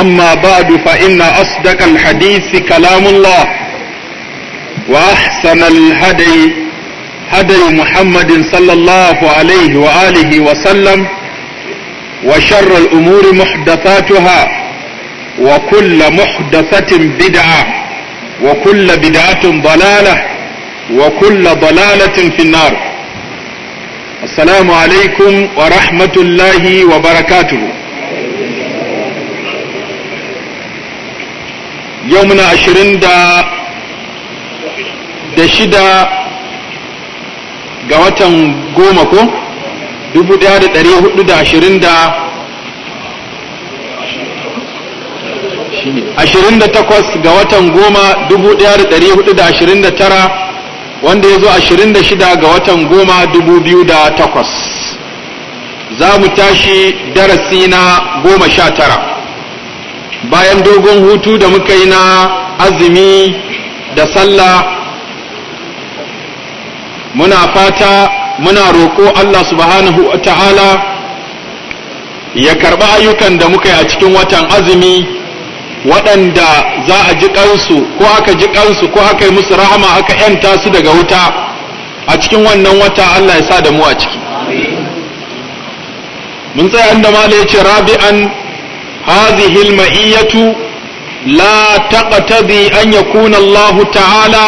أما بعد فإن أصدق الحديث كلام الله وأحسن الهدي هدي محمد صلى الله عليه وآله وسلم وشر الأمور محدثاتها وكل محدثة بدعة وكل بدعة ضلالة وكل ضلالة في النار السلام عليكم ورحمة الله وبركاته yau muna ashirin da da shida ga watan goma ko dubu daya da dari hudu da ashirin da ashirin da takwas ga watan goma dubu daya da dari hudu da ashirin da tara wanda ya zo ashirin da shida ga watan goma dubu biyu da takwas za mu tashi darasi na goma sha tara bayan dogon hutu da muka yi na azumi da sallah muna fata muna roƙo Allah subhanahu wa ta'ala ya karɓi ayyukan da muka yi a cikin watan azumi waɗanda za a ji ƙansu ko aka ji ƙansu ko aka yi musu rahama aka ‘yanta su daga wuta a cikin wannan wata Allah ya sa da mu a ciki mun tsaya inda ma ya ce rabi'an هذه المئية لا تقتضي أن يكون الله تعالى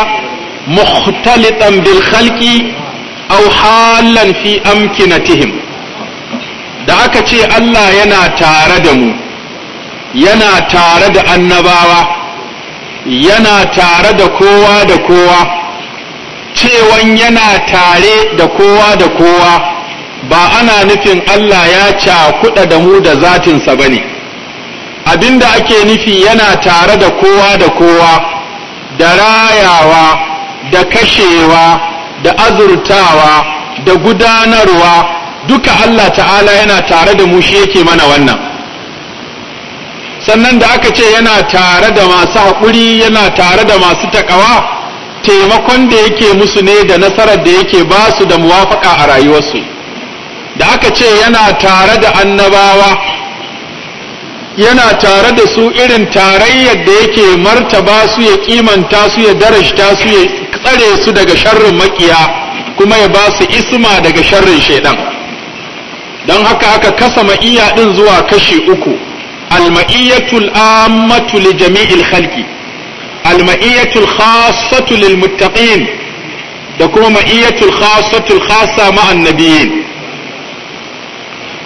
مختلطا بالخلق أو حالا في أمكنتهم da aka ce Allah yana tare da mu yana tare da annabawa yana tare da kowa da kowa cewan yana tare da kowa da kowa ba ana nufin Allah ya cakuɗa da mu da zatinsa ba ne abinda ake nufi yana tare da kowa da kowa da rayawa da kashewa da azurtawa da gudanarwa duka Allah ta'ala yana tare da mu shi yake mana wannan sannan da aka ce yana tare da masu haƙuri yana tare da masu taƙawa taimakon da yake musu ne da nasarar da yake ba su da muwafaƙa a rayuwarsu da aka ce yana tare da annabawa yana tare da su irin tarayyar da yake martaba su ya kimanta su ya darajta su ya tsare su daga sharrin makiya kuma ya ba su isma daga sharrin shaidan don haka aka kasa ma'iyya din zuwa kashi uku alma'iyyatul ammatu li jami'il khalqi alma'iyyatul khassatu lil muttaqin da kuma ma'iyyatul khassatul khassa ma'an nabiyyin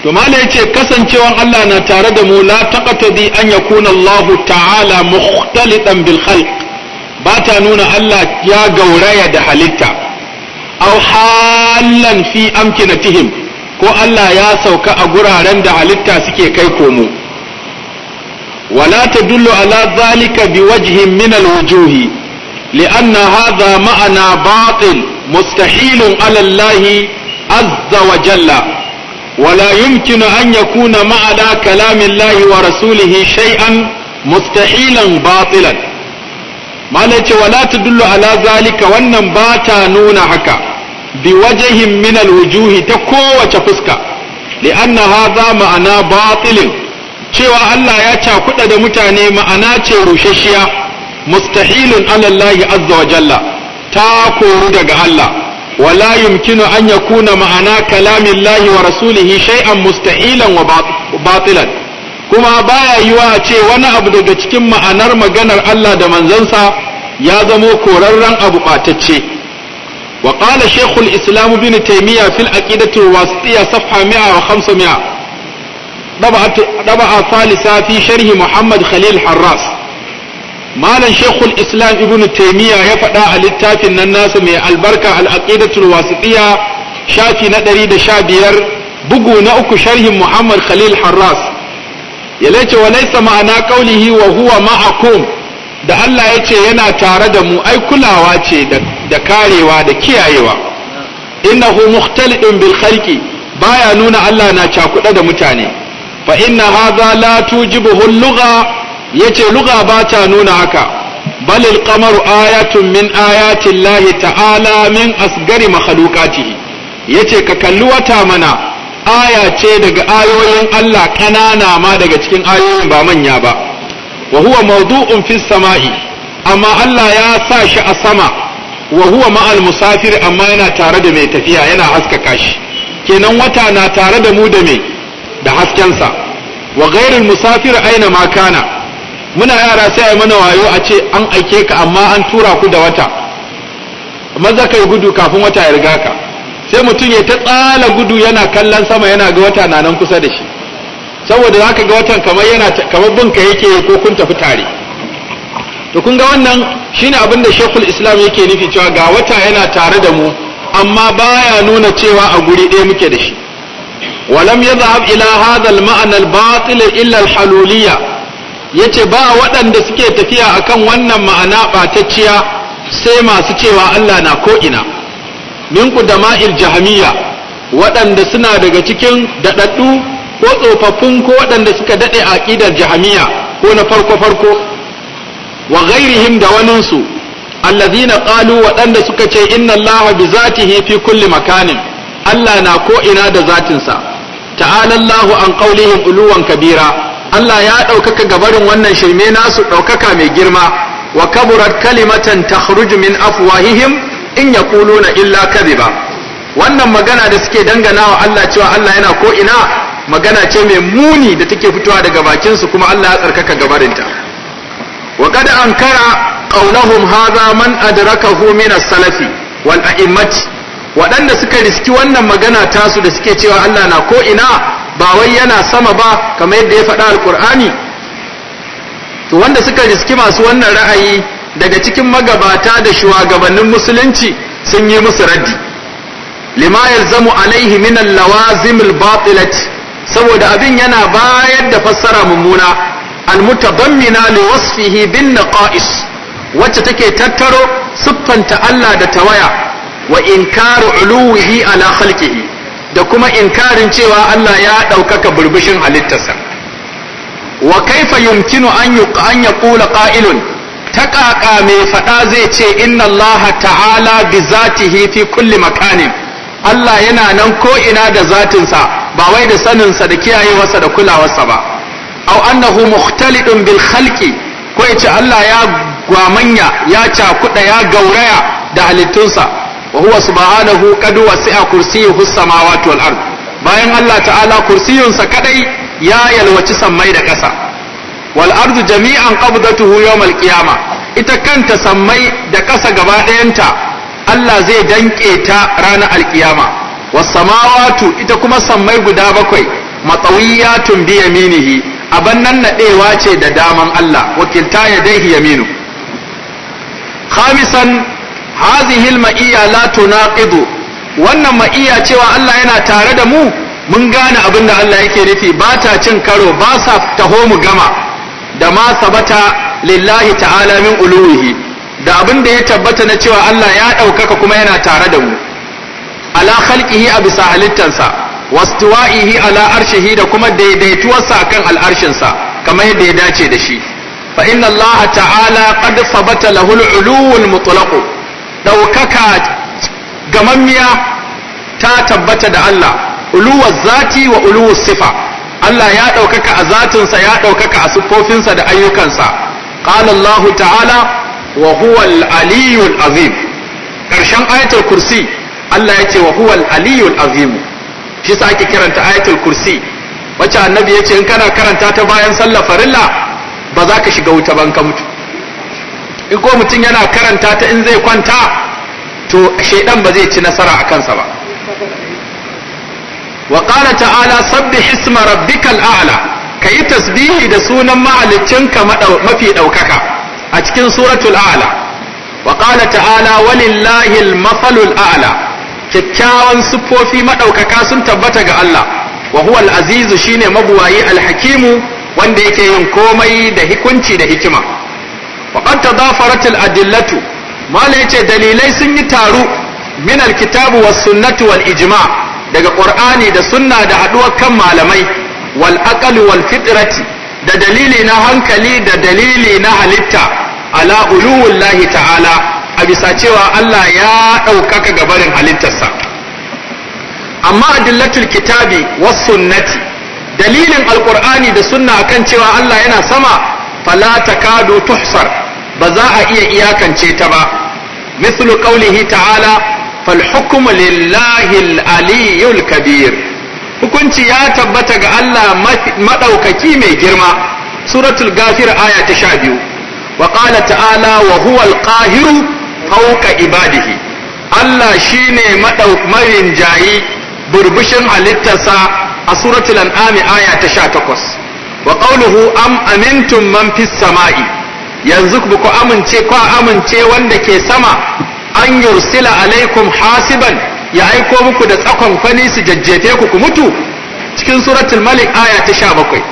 to mala yace kasancewan Allah na tare da mu la bi an yakuna Allah ta'ala mukhtalitan bil khalq ba ta nuna Allah ya gauraya da halitta aw halan fi amkinatihim ko Allah ya sauka a guraren da halitta suke kai komo wala tadullu ala zalika biwajhin min alwujuhi لأن هذا معنى باطل مستحيل على الله عز وجل ولا يمكن أن يكون معنى كلام الله ورسوله شيئا مستحيلا باطلا ما ولا تدل على ذلك وأن باتا نون حكا بوجه من الوجوه تكوة فسكا لأن هذا معنى باطل cewa Allah ya cakuɗa da mutane ma'ana ce rushashiya mustahilun alallahi azza wa jalla ta koru daga Allah Wala ولا يمكن أن يكون معنى كلام الله ورسوله شيئا مستحيلا وباطلا kuma baya yiwa a ce wani abu daga cikin ma'anar maganar Allah da manzansa ya zamo korarren abu ɓatacce wa qala shaykhul islam ibn taymiya fil aqidati wasitiya safha 150 daba daba salisa fi sharhi muhammad khalil harras malam shekul islam ibn taimiyya ya faɗa a littafin nan nasu mai albarka al'aqidatul wasitiya shafi na ɗari da sha biyar bugu na uku sharhin muhammad khalil harras ya lace wa laisa ma'ana qaulihi wa huwa ma'akum da Allah ya ce yana tare da mu ai kulawa ce da karewa da kiyayewa innahu mukhtalidun bil khalqi baya nuna Allah na cakuɗa da mutane fa inna hadha la tujibuhu lugha yace luga ba ta nuna haka bal al-qamaru ayatun min ayati Allah ta'ala min asgari makhluqatihi yace ka kalli wata mana aya ce daga ayoyin Allah kanana ma daga cikin ayoyin ba manya ba wa huwa mawdu'un fi samai amma Allah ya sa shi a sama wa huwa ma'al musafir amma yana tare da mai tafiya yana haskaka shi kenan wata na tare da mu da mai da haskensa wa ghairul musafir aina ma kana muna yara sai a mana wayo a ce an aike ka amma an tura ku da wata maza kai gudu kafin wata ya riga ka sai mutum ya ta tsala gudu yana kallon sama yana ga wata na nan kusa da shi saboda za ka ga watan kamar yana kamar bin ka yake ko kun tafi tare to kun ga wannan shine abin da shekul islam yake nufi cewa ga wata yana tare da mu amma baya nuna cewa a guri ɗaya muke da shi walam yadhhab ila hadha ma'anar mana al-batil yace ba waɗanda suke tafiya akan wannan ma'ana ɓatacciya sai masu cewa Allah na ko'ina da ma'il jahamiya waɗanda suna daga cikin daɗaɗɗu ko tsofaffin ko waɗanda suka daɗe a ƙidar jahmiya ko na farko-farko wa ghairihim da waninsu allazina ƙalu waɗanda suka ce inna Allah bi zatihi fi kulli makanin Allah na ko'ina da zatinsa ta'alallahu Allahu an qaulihim uluwan kabira Allah ya ɗaukaka gabarin wannan shirme nasu ɗaukaka mai girma wa kaburar kalimatan ta min afwahihim in ya na illa ba. wannan magana da suke dangana wa Allah cewa Allah yana ko ina magana ce mai muni da take fitowa daga bakinsu kuma Allah ya tsarkaka gabarinta wa qad ankara qaulahum hadha man adrakahu min as-salafi wal a'immati waɗanda suka riski wannan magana tasu da suke cewa Allah na ko ina ba wai yana sama ba kamar yadda ya faɗa alkur'ani to wanda suka riski masu wannan ra'ayi daga cikin magabata da shugabannin musulunci sun yi musu raddi lima yalzamu alaihi min al-lawazim al-batilat saboda abin yana bayar da fassara mummuna al-mutadammina li wasfihi bin naqais wacce take tattaro siffanta Allah da tawaya wa inkaru uluwihi ala khalqihi da kuma inkarin cewa Allah ya ɗaukaka burbushin halittarsa wa kaifa yumkinu an ƙula ƙa'ilun Ta taƙaƙa mai faɗa zai ce inna Allah ta'ala bi zatihi fi kulli makanin Allah yana nan ko ina da zatinsa ba wai da saninsa da kiyayewarsa da kulawarsa ba Au annahu mukhtalidun bil khalqi ko ce Allah ya gwamanya ya cakuɗa ya gauraya da halittunsa wa huwa subhanahu qad wasi'a kursiyuhu samawati wal ard bayan Allah ta'ala kursiyunsa kadai ya yalwaci sammai da ƙasa wal ardu jami'an qabdatuhu yawmal qiyama ita kanta sammai da ƙasa gaba ɗayanta Allah zai danke ta ranar alkiyama was samawatu ita kuma sammai guda bakwai matsawiyatun bi yaminihi aban nan nadewa ce da daman Allah wakilta ya dai yaminu khamisan hazihi al-ma'iyya la wannan ma'iyya cewa Allah yana tare da mu mun gane abin da Allah yake nufi ba ta cin karo ba sa taho mu gama da ma sabata lillahi ta'ala min uluhi da abin da ya tabbata na cewa Allah ya ɗaukaka kuma yana tare da mu ala khalqihi a bisa halittansa wastuwa'ihi ala arshihi da kuma daidaituwarsa akan al'arshinsa kamar yadda ya dace da shi fa inna Allah ta'ala qad sabata lahul uluwul mutlaq ɗaukaka gamammiya ta tabbata da Allah uluwar zati wa uluwar sifa Allah ya ɗaukaka a zatinsa ya ɗaukaka a siffofinsa da ayyukansa ƙalallahu ta'ala wa huwal aliyul azim ƙarshen ayatul kursi Allah ya ce wa huwal aliyul azim shi sa ake kiranta ayatul kursi wacce annabi ya ce in kana karanta ta bayan sallah farilla ba za ka shiga wuta ban ka mutu in ko mutum yana karanta ta in zai kwanta to shaidan ba zai ci nasara a kansa ba wa qala ta'ala sabbih isma rabbikal a'la yi tasbihi da sunan mahaliccinka mafi ɗaukaka a cikin suratul a'la wa qala ta'ala walillahi al a'la kyakkyawan siffofi maɗaukaka sun tabbata ga Allah wa huwa al-azizu shine mabuwayi al-hakimu wanda yake yin komai da hikunci da hikima faqad tadafarat al-adillatu ya yace dalilai sun yi taru min al-kitabu was wal ijma daga qur'ani da sunna da haɗuwar kan malamai wal aqal wal fitrati da dalili na hankali da dalili na halitta ala uluwullahi ta'ala a bisa cewa Allah ya ɗaukaka gabarin halittarsa amma adillatul kitabi was sunnati dalilin alƙur'ani da sunna akan cewa Allah yana sama fala takadu tuhsar ba za a iya iyakance ta ba mislu qaulihi ta'ala fal hukmu lillahi al-aliyyul kabir hukunci ya tabbata ga Allah madaukaki mai girma suratul ghafir aya ta 12 wa qala ta'ala wa huwa al-qahiru fawqa ibadihi Allah shine madaukakin jayi burbushin halittarsa a suratul an'am aya ta 18 wa qawluhu am amintum man fis sama'i yanzu ku amince ku amince wanda ke sama an yursila alaikum hasiban ya aiko muku da tsakon kwani su jajjefe ku ku mutu cikin suratul malik aya ta 17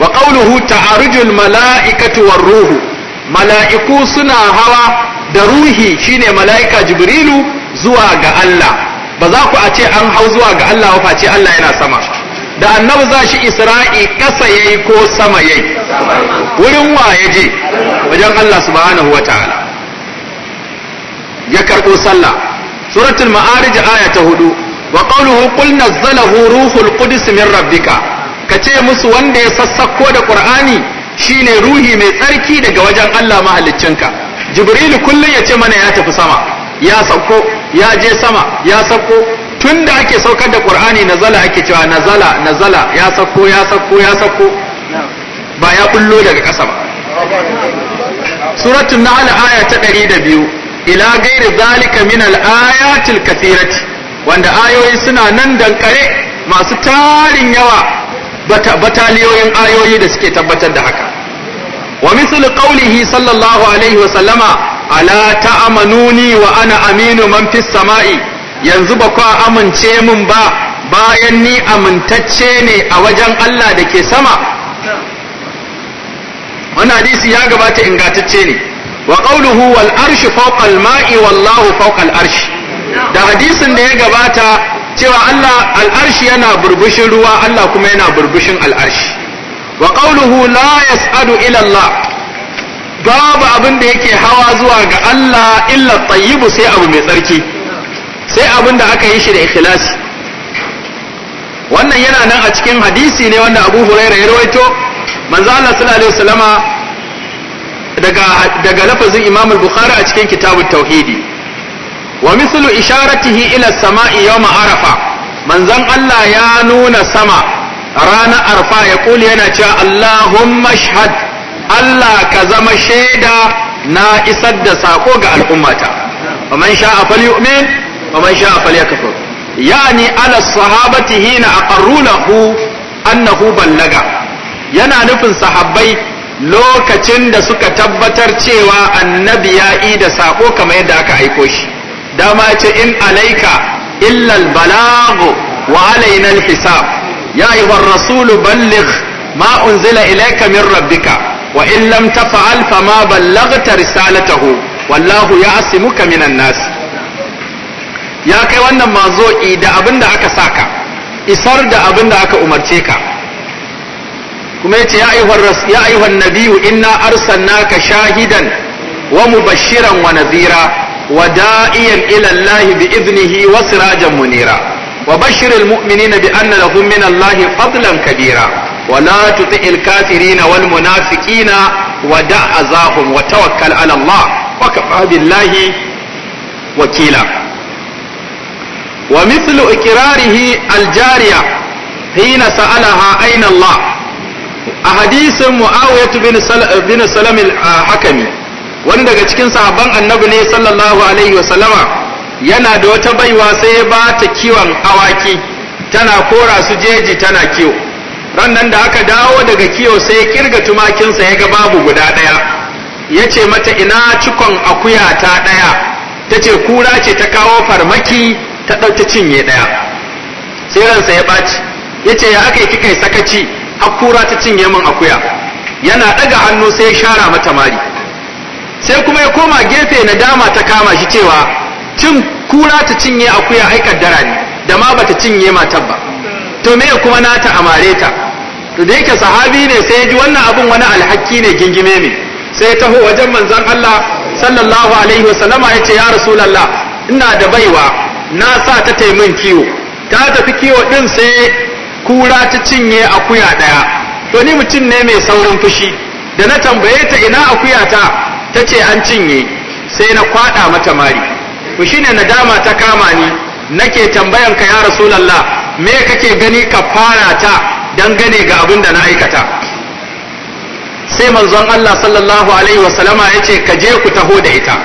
wa qawluhu ta'arujul mala'ikatu war ruhu mala'iku suna hawa da ruhi shine mala'ika jibrilu zuwa ga Allah ba za ku a ce an hau zuwa ga Allah ba face Allah yana sama da annabi za shi isra'i ƙasa yayi ko sama yayi wurin wa ya je wajen Allah subhanahu wataala ya karɓo sallah suratul ma'arij aya ta hudu wa qawluhu qul nazzalahu ruhul qudus min rabbika ce musu wanda ya sassako da ƙur'ani shine ruhi mai tsarki daga wajen Allah mahaliccinka jibril kullum ya ce mana ya tafi sama ya sauko ya je sama ya sauko tun da ake saukar da ƙur'ani nazala ake cewa nazala nazala ya sauko ya sauko ya sauko ba ya bullo daga ƙasa ba suratun na'al aya ta ɗari da biyu ila gairi zalika min al'ayatil kasirati wanda ayoyi suna nan dankare masu tarin yawa bataliyoyin ayoyi da suke tabbatar da haka wa misali qawlihi sallallahu alaihi wa sallama ala ta'amanuni wa ana aminu man fis sama'i yanzu ba kwa amince min ba bayan ni amintacce ne a wajen Allah da ke sama wannan hadisi ya gabata ingantacce ne wa qawluhu wal arshu fawqa al ma'i wallahu fawqa al arshi da hadisin da ya gabata cewa Allah al yana burbushin ruwa Allah kuma yana burbushin al Waƙauluhu wa qawluhu la yas'adu ila Allah babu abin da yake hawa zuwa ga Allah illa tayyibu sai abu mai tsarki sai abin da aka yi shi da ikhlasi wannan yana nan a cikin hadisi ne wanda Abu Hurairah ya rawaito manzo Allah sallallahu alaihi daga daga lafazin Imam al-Bukhari a cikin kitabut tauhidi wa mislu isharatihi ila samai yawm arafa manzon Allah ya nuna sama rana arfa ya kuli yana cewa Allahumma shahad Allah ka zama shaida na isar da sako ga al'ummata faman sha'a falyu'min faman sha'a falyakfur yani ala sahabati hina aqarru lahu annahu ballaga yana nufin sahabbai lokacin da suka tabbatar cewa annabi ya da sako kamar yadda aka aiko shi dama ce in alaika illal balagu wa alaina alhisab ya ayyuhar rasulu balligh ma unzila ilaika min rabbika wa in lam taf'al fama ballaghta risalatahu wallahu ya'simuka minan nas ya kai wannan manzo da abinda aka saka isar da abinda aka umarce ka kuma yace ya ayyuhar ya ayyuhan ina inna ka shahidan wa mubashiran wa nadhira wa da'iyan ilallahi bi iznihi wa sirajan munira wa bashiril mu'minina bi anna lahum min Allah fadlan kabira wa la tuti'il kafirina wal na wa da'azahum wa tawakkal ala Allah wa kafa billahi wakila ومثل إقراره الجارية حين سألها aina الله a hadisin mu'awiyatu bin salam al-hakami wani daga cikin sahabban annabi ne sallallahu alaihi wa sallama yana da wata baiwa sai ba ta kiwon awaki tana kora su jeji tana kiwo rannan da aka dawo daga kiwo sai ya kirga tumakinsa ya ga babu guda ɗaya ya ce mata ina cikon akuya ta ɗaya ta ce kura ce ta kawo farmaki ta ɗauta cinye ɗaya sai ransa ya ɓaci ya ce ya aka yi sakaci akura ta cinye min akuya yana daga hannu sai ya shara mata mari sai kuma ya koma gefe na dama ta kama shi cewa cin kura ta cinye akuya ai kaddara ne da ma bata cinye mata ba to me kuma nata amare ta to da yake sahabi ne sai ya ji wannan abun wani alhaki ne gingime ne sai ya taho wajen manzon Allah sallallahu alaihi wasallama ya ce ya rasulullah ina da baiwa na sa ta taimin kiwo ta tafi kiwo din sai kura ta cinye akuya ɗaya to ni mutum ne mai saurin fushi da na tambaye ta ina akuya ta ta ce an cinye sai na kwaɗa mata mari to shine nadama ta kama ni nake tambayan ka ya rasulallah me kake gani ka fara ta gane ga abin da na aikata sai manzon Allah sallallahu alaihi wasallama ya ce ka je ku taho da ita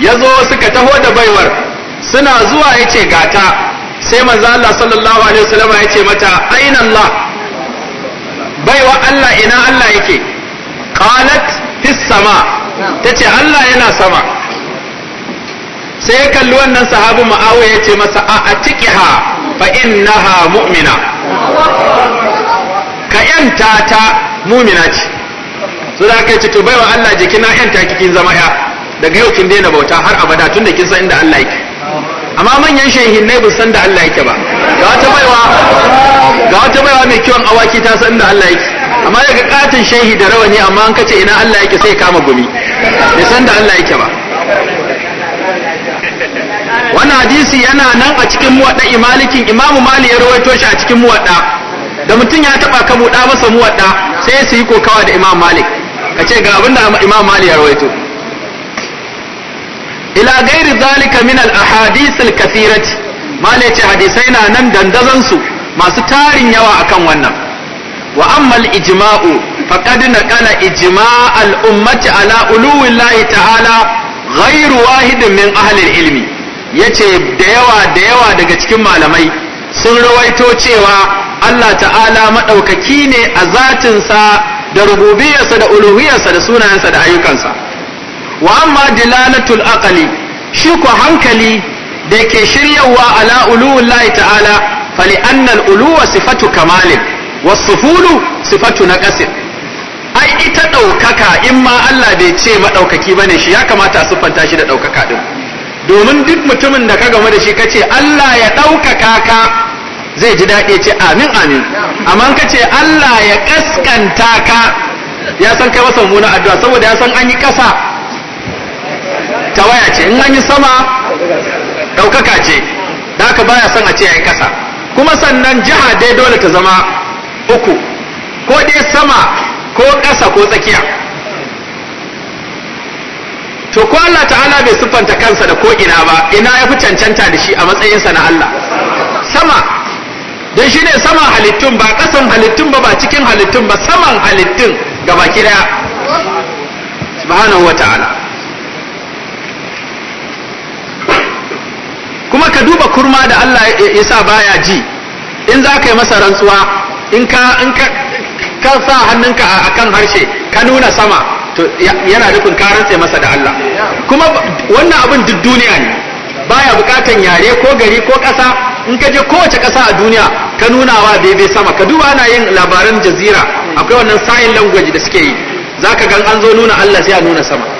ya zo suka taho da baiwar suna zuwa ya ce gata sai manzo Allah sallallahu alaihi wasallam ya ce mata aina Allah baiwa Allah ina Allah yake qalat fis sama tace Allah yana sama sai ya kalli wannan sahabin Muawiya ya ce masa a atiqiha fa innaha mu'mina ka yanta ta mu'mina ce su da kai ce to baiwa Allah jikina yanta kikin zama ya daga yau kin daina bauta har abada tun da kin san inda Allah yake amma manyan shehin ne san da Allah yake ba ga wata baiwa ga wata baiwa mai kiwon awaki ta san da Allah yake amma daga katin shehi da rawani amma an kace ina Allah yake sai kama gumi bai san da Allah yake ba wannan hadisi yana nan a cikin muwadda imalikin imamu mali ya rawaito shi a cikin muwadda da mutum ya taba ka buɗa masa muwadda sai su yi kokawa da imam malik ka ce ga abinda imam mali ya rawaito ila gairi zalika min al ahadith al mala ce hadisai na nan dandazan su masu tarin yawa akan wannan wa amma al ijma'u faqad naqala ijma' al ummati ala llahi ta'ala ghairu wahidin min ahli al ilmi yace da yawa da yawa daga cikin malamai sun rawaito cewa Allah ta'ala Madaukaki ne a zatinsa da rububiyarsa da uluhiyarsa da sunayensa da ayyukansa wa amma dilalatul aqali shi ko hankali da ke shiryawa ala uluwullahi ta'ala fali annal uluwa sifatu kamalin wasufulu sifatu na kasir ai ita ɗaukaka in ma Allah bai ce maɗaukaki ba ne shi ya kamata a siffanta shi da ɗaukaka ɗin domin duk mutumin da ka game da shi kace Allah ya ɗaukaka ka zai ji daɗi ce amin amin amma ka ce Allah ya kaskanta ka ya san kai masa na addu'a saboda ya san an yi ƙasa tawaya ce in an yi sama ɗaukaka ce da aka baya son a ce yayin ƙasa kuma sannan jiha dai dole ta zama uku ko dai sama ko ƙasa ko tsakiya to ko Allah ta'ala bai siffanta kansa da ko ina ba ina ya fi cancanta da shi a matsayinsa na Allah sama don shi ne sama halittun ba ƙasan halittun ba ba cikin halittun ba saman halittun ga baki daya subhanahu wa ta'ala kuma ka duba kurma da Allah ya sa baya ji in za ka yi masa rantsuwa in ka in ka sa hannunka a kan harshe ka nuna sama to yana nufin ka rantse masa da Allah kuma wannan abin duk duniya ne baya bukatan yare ko gari ko ƙasa in ka je kowace kasa a duniya ka nuna wa daidai sama ka duba ana yin labaran jazira akwai wannan sign language da suke yi zaka gan an zo nuna Allah sai a nuna sama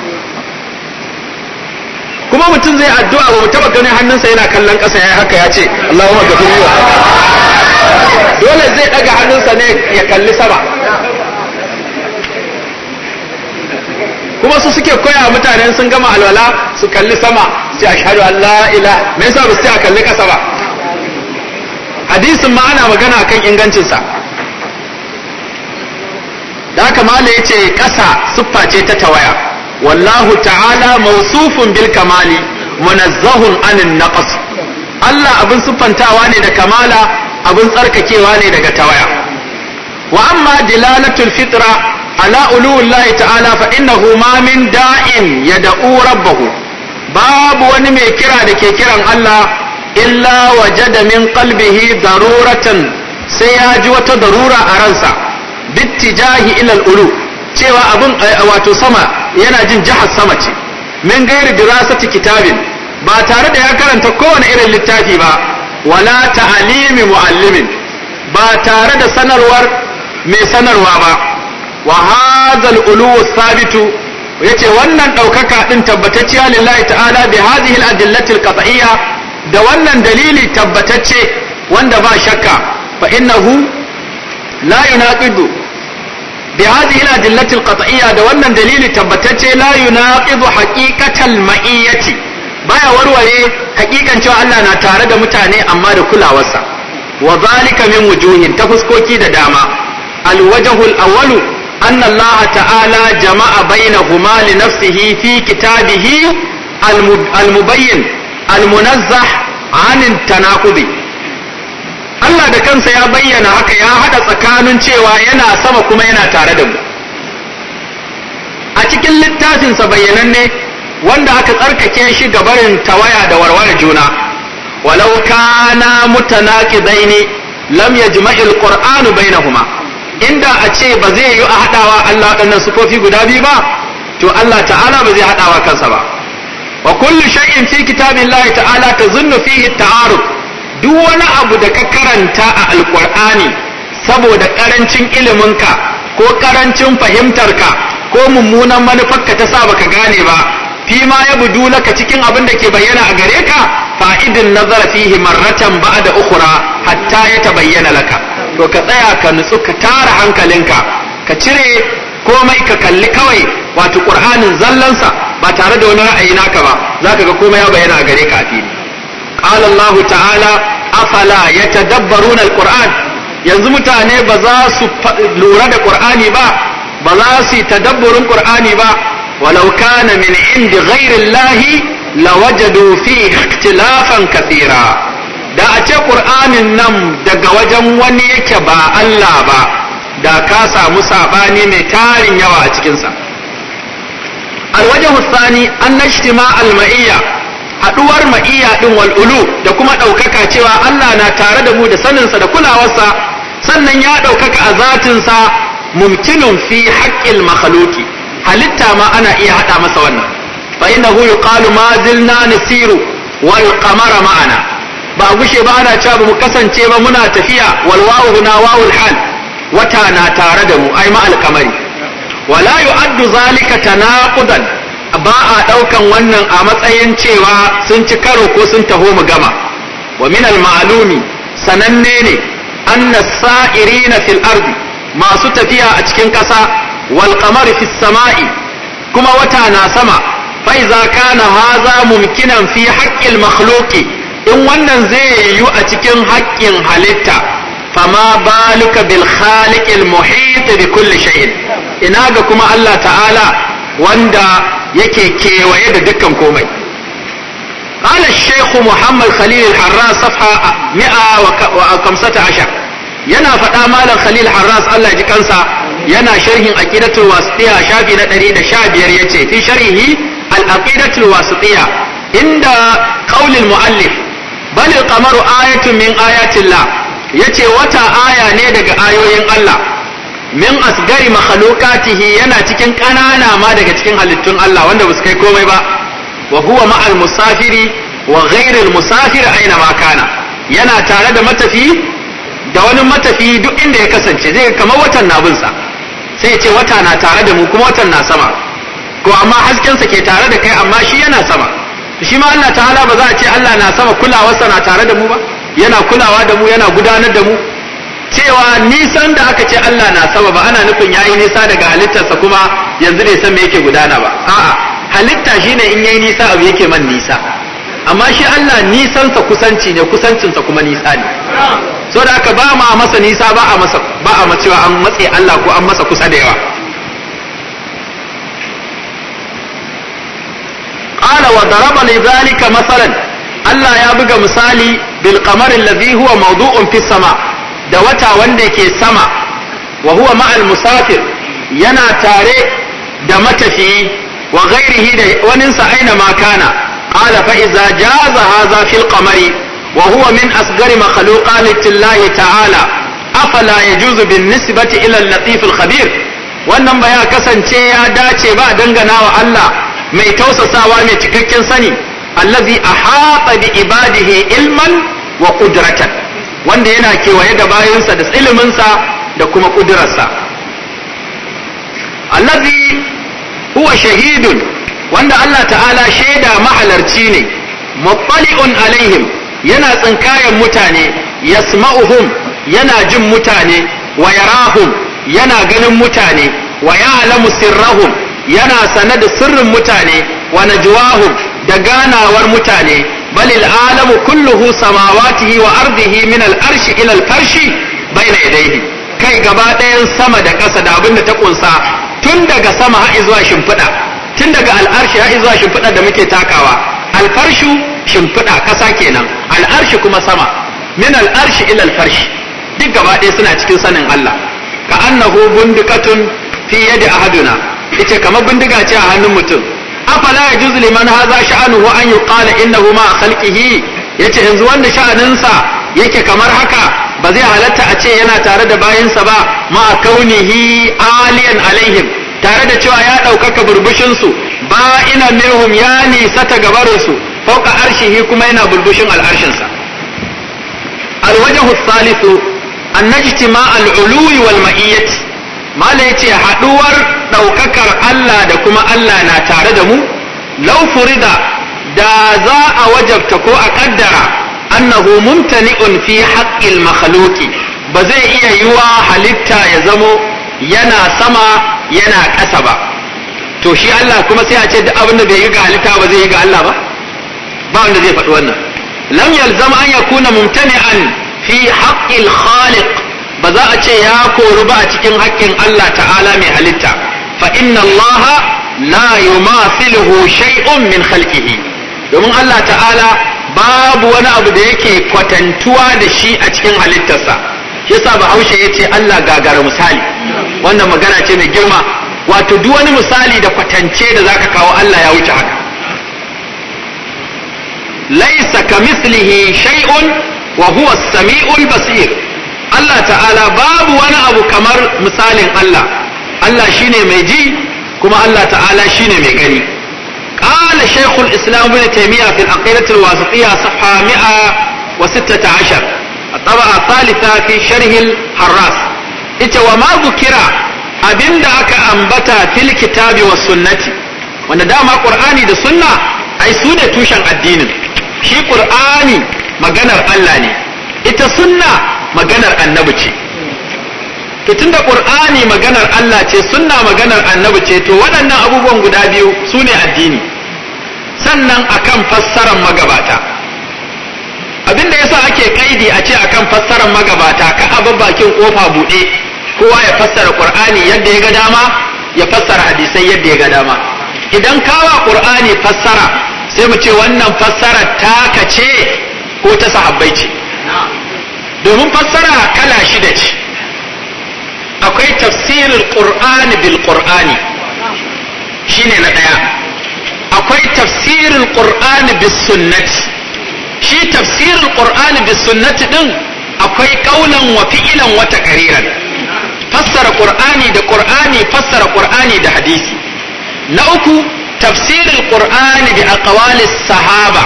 kuma mutum zai addu'a ba mu taba ganin hannunsa yana kallon ƙasa ya haka ya ce Allahumma ghafirli dole zai daga hannunsa ne ya kalli sama kuma su suke koya mutane sun gama alwala su kalli sama sai ashhadu an la ilaha me yasa ba su a kalli ƙasa ba hadisin ma ana magana kan ingancinsa da haka malai yace ƙasa siffa ce ta tawaya wallahu ta'ala mausufun bil kamali munazzahun anin naqas Allah abin siffantawa ne da kamala abin tsarkakewa ne daga tawaya wa amma dilalatul fitra ala ulullahi ta'ala fa innahu ma min da'in yad'u rabbahu babu wani mai kira da ke kiran Allah illa wajada min qalbihi daruratan sai ya ji wata darura a ransa bittijahi ilal ulu cewa abin eh, wato sama yana jin jihar sama ce min gairi dirasati kitabin ba tare da ya karanta kowane irin littafi ba wala ta'alimi muallimin ba tare da sanarwar mai sanarwa ba wa hadzal ulu sabitu yace wannan daukaka din tabbatacciya lillahi ta'ala bi hadhihi al-adillati al-qat'iyya da wannan dalili tabbatacce wanda ba shakka fa innahu la yunaqidu bi hadhihi al-adillati al-qat'iyya da wannan dalili tabbatacce la yunaqidu haqiqatal ma'iyyati baya warware hakikan Allah na tare da mutane amma da kulawarsa wa zalika min wujuhin ta fuskoki da dama al-wajhul awwalu anna ta'ala jama'a bainahuma gumali nafsihi fi kitabihi al-mubayyin hanin munazzah 'an tanaqubi Allah da kansa ya bayyana haka ya haɗa tsakanin cewa yana sama kuma yana tare da mu a cikin littafinsa bayyananne wanda aka tsarkake shi ga barin tawaya da warware juna walau kana mutanaqidaini lam jima'il qur'anu bainahuma inda a ce ba zai yi a haɗawa Allah waɗannan sufofi guda biyu ba to Allah ta'ala ba zai haɗawa kansa ba wa kullu shay'in fi kitabillahi ta'ala zunnu fihi taaruf duk wani abu da ka karanta a alkur'ani saboda karancin iliminka ko karancin fahimtarka ko mummunan manufarka ta sa baka gane ba fi ma ya budu laka cikin abin da ke bayyana a gare ka fa'idin nazar fihi marratan ba'da ukhra hatta ya tabayyana laka to ka tsaya ka nutsu ka tara hankalinka ka cire komai ka kalli kawai wato qur'anin zallansa ba tare da wani ra'ayi naka ba zaka ga komai ya bayyana a gare ka a fili qala Allah ta'ala afala yatadabbaruna alquran yanzu mutane ba da qur'ani ba ba za su tadabburin qur'ani ba walau kana min indi da a ce ƙur'anin nan daga wajen wani yake ba Allah ba da ka samu mai tarin yawa a cikinsa alwajen hussani an na alma'iyya Haduwar ma'iya ɗin wal'ulu da kuma ɗaukaka cewa Allah na tare da mu da saninsa da kulawarsa sannan ya ɗaukaka a zatinsa mumkinun fi haƙƙil makhluki halitta ma ana iya haɗa masa wannan fa huyu yuqalu ma zilna nasiru wal qamara ma'ana ba a gushe ba ana cewa ba mu kasance ba muna tafiya wal wawu huna wawul hal wata na tare da mu ai ma alkamari wala yu'addu zalika tanaqudan ba a ɗaukan wannan a matsayin cewa sun ci karo ko sun taho mu gama wa min al-ma'lumi sananne ne anna sa'irina fil ardi masu tafiya a cikin ƙasa wal qamar fis sama'i kuma wata na sama fa iza kana haza mumkinan fi haqqil makhluqi in wannan zai yiwu a cikin haƙƙin halitta fama baluka bil khaliqil muhit bi kulli shay'in ina ga kuma Allah ta'ala wanda yake kewaye da dukkan komai قال الشيخ محمد خليل الحراس صفحة 115 yana faɗa malam Khalil Harras Allah ji kansa yana sharhin aqidatul wasitiya shafi na ya yace fi sharhi al aqidatul wasitiya inda qaulil muallif balil kamaru qamaru ayatun min ayatillah yace wata aya ne daga ayoyin Allah min asgari makhluqatihi yana cikin kanana ma daga cikin halittun Allah wanda ba su kai komai ba wa huwa al musafiri wa al musafir aina ma kana yana tare da matafi da wani matafi duk inda ya kasance zai kamar watan na bin sa sai ya ce wata na tare da mu kuma watan na sama ko amma hasken sa ke tare da kai amma shi yana sama shi ma Allah ta'ala ba za a ce Allah na sama kulawarsa na tare da mu ba yana kulawa da mu yana gudanar da mu cewa nisan da aka ce Allah na sama ba ana nufin ya yi nisa daga halittarsa kuma yanzu ne san me yake gudana ba a'a halitta shine in yayi nisa abu yake man nisa amma shi Allah nisansa kusanci ne kusancinsa kuma nisa ne so da aka ba ma masa nisa ba a masa ba a ma cewa an matse Allah ko an masa kusa da yawa qala wa daraba li zalika masalan Allah ya buga misali bil qamari alladhi huwa mawdu'un fis sama' da wata wanda ke sama wa huwa ma'al musafir yana tare da matafiyi wa ghairihi da waninsa aina makana. kana fa iza jaza haza fil qamari wa huwa min asghari makhluqati llahi ta'ala afala yajuzu bin nisbati ila al-latif al-khabir wannan ba ya kasance ya dace ba dangana wa Allah mai tausasawa mai cikakken sani allazi ahata bi ibadihi ilman wa qudratan wanda yana kewaye da bayansa da iliminsa da kuma kudurarsa allazi huwa shahidun wanda Allah ta'ala shaida mahalarci ne mafali'un alaihim yana tsinkayen mutane yasma'uhum yana jin mutane wa yarahum yana ganin mutane wa ya'lamu sirrahum yana sane da sirrin mutane wa najwahum da ganawar mutane بل العالم كله سماواته وأرضه من الأرش إلى الفرش بين يديه كي قبا دين سما دا قصة دا أبن تقول سا تندق سما ها إزوا شمفتا تندق الأرش ها إزوا شمفتا دا مكي تاكاوا الفرش شمفتا قصة كينا الأرش كما سما من الأرش إلى الفرش دي gaba ɗaya suna cikin sanin Allah ka annahu bundukatun fi yadi ahaduna ita kamar bindiga ce a hannun mutum afala ya ji liman haza sha'anuhu an yuqala a ma ya yace yanzu wanda sha'aninsa yake kamar haka ba zai halatta a ce yana tare da bayansa ba ma kaunihi aliyan alaihim tare da cewa ya ɗaukaka burbushinsu ba ina minhum ya nisata gabarin su fauka arshihi kuma yana burbushin al'arshinsa alwajahu salisu an najtima al'ului wal ma'iyyati malai ce haduwar daukakar Allah da kuma Allah na tare da mu law furida da za a wajabta ko a kaddara annahu mumtani'un fi haqqil makhluqi ba zai iya yiwa halitta ya zamo yana sama yana ƙasa ba to shi Allah kuma sai a ce duk abin da bai yi ga halitta ba zai yi ga Allah ba ba wanda zai faɗi wannan lam yalzam an yakuna mumtani'an fi haqqil khaliq ba za a ce ya koru ba a cikin haƙƙin Allah ta'ala mai halitta fa inna Allah la yumathiluhu shay'un min khalqihi domin Allah ta'ala babu wani abu da yake kwatantuwa da shi a cikin halittarsa shi yasa Bahaushe yace Allah gagara misali wannan magana ce mai girma wato duk wani misali da kwatance da zaka kawo Allah ya wuce haka laisa kamithlihi shay'un wa huwa as-sami'ul basir Allah ta'ala babu wani abu kamar misalin Allah Allah shine mai ji kuma Allah ta'ala shine mai gani قال شيخ الإسلام ابن تيمية في العقيدة الواسطية صفحة a الطبعة الثالثة في شرح الحراس إتى وما ذكر abin da aka ambata fil kitabi wa sunnati wanda dama qur'ani da sunna ai su ne tushen addinin shi qur'ani maganar Allah ne ita sunna maganar annabi ce to tunda qur'ani maganar Allah ce sunna maganar annabi ce to waɗannan abubuwan guda biyu su ne addini sannan akan fassarar magabata abinda yasa ake kaidi a ce akan fassarar magabata ka abu bakin kofa buɗe kowa ya fassara qur'ani yadda ya ga dama ya fassara hadisai yadda ya ga dama idan kawa qur'ani fassara sai mu ce wannan fassara taka ce ko ta sahabbai ce domin fassara kala shida ce akwai tafsirin qur'ani bil shi ne na ɗaya. akwai tafsirin qur'ani bis sunnati shi tafsirin ƙur'ani bis sunnati akwai ƙaunan wa fi'lan wata ƙariran. fassara qur'ani da ƙur'ani fassara ƙur'ani da hadisi na uku tafsirin ƙur'ani bi aqwalis sahaba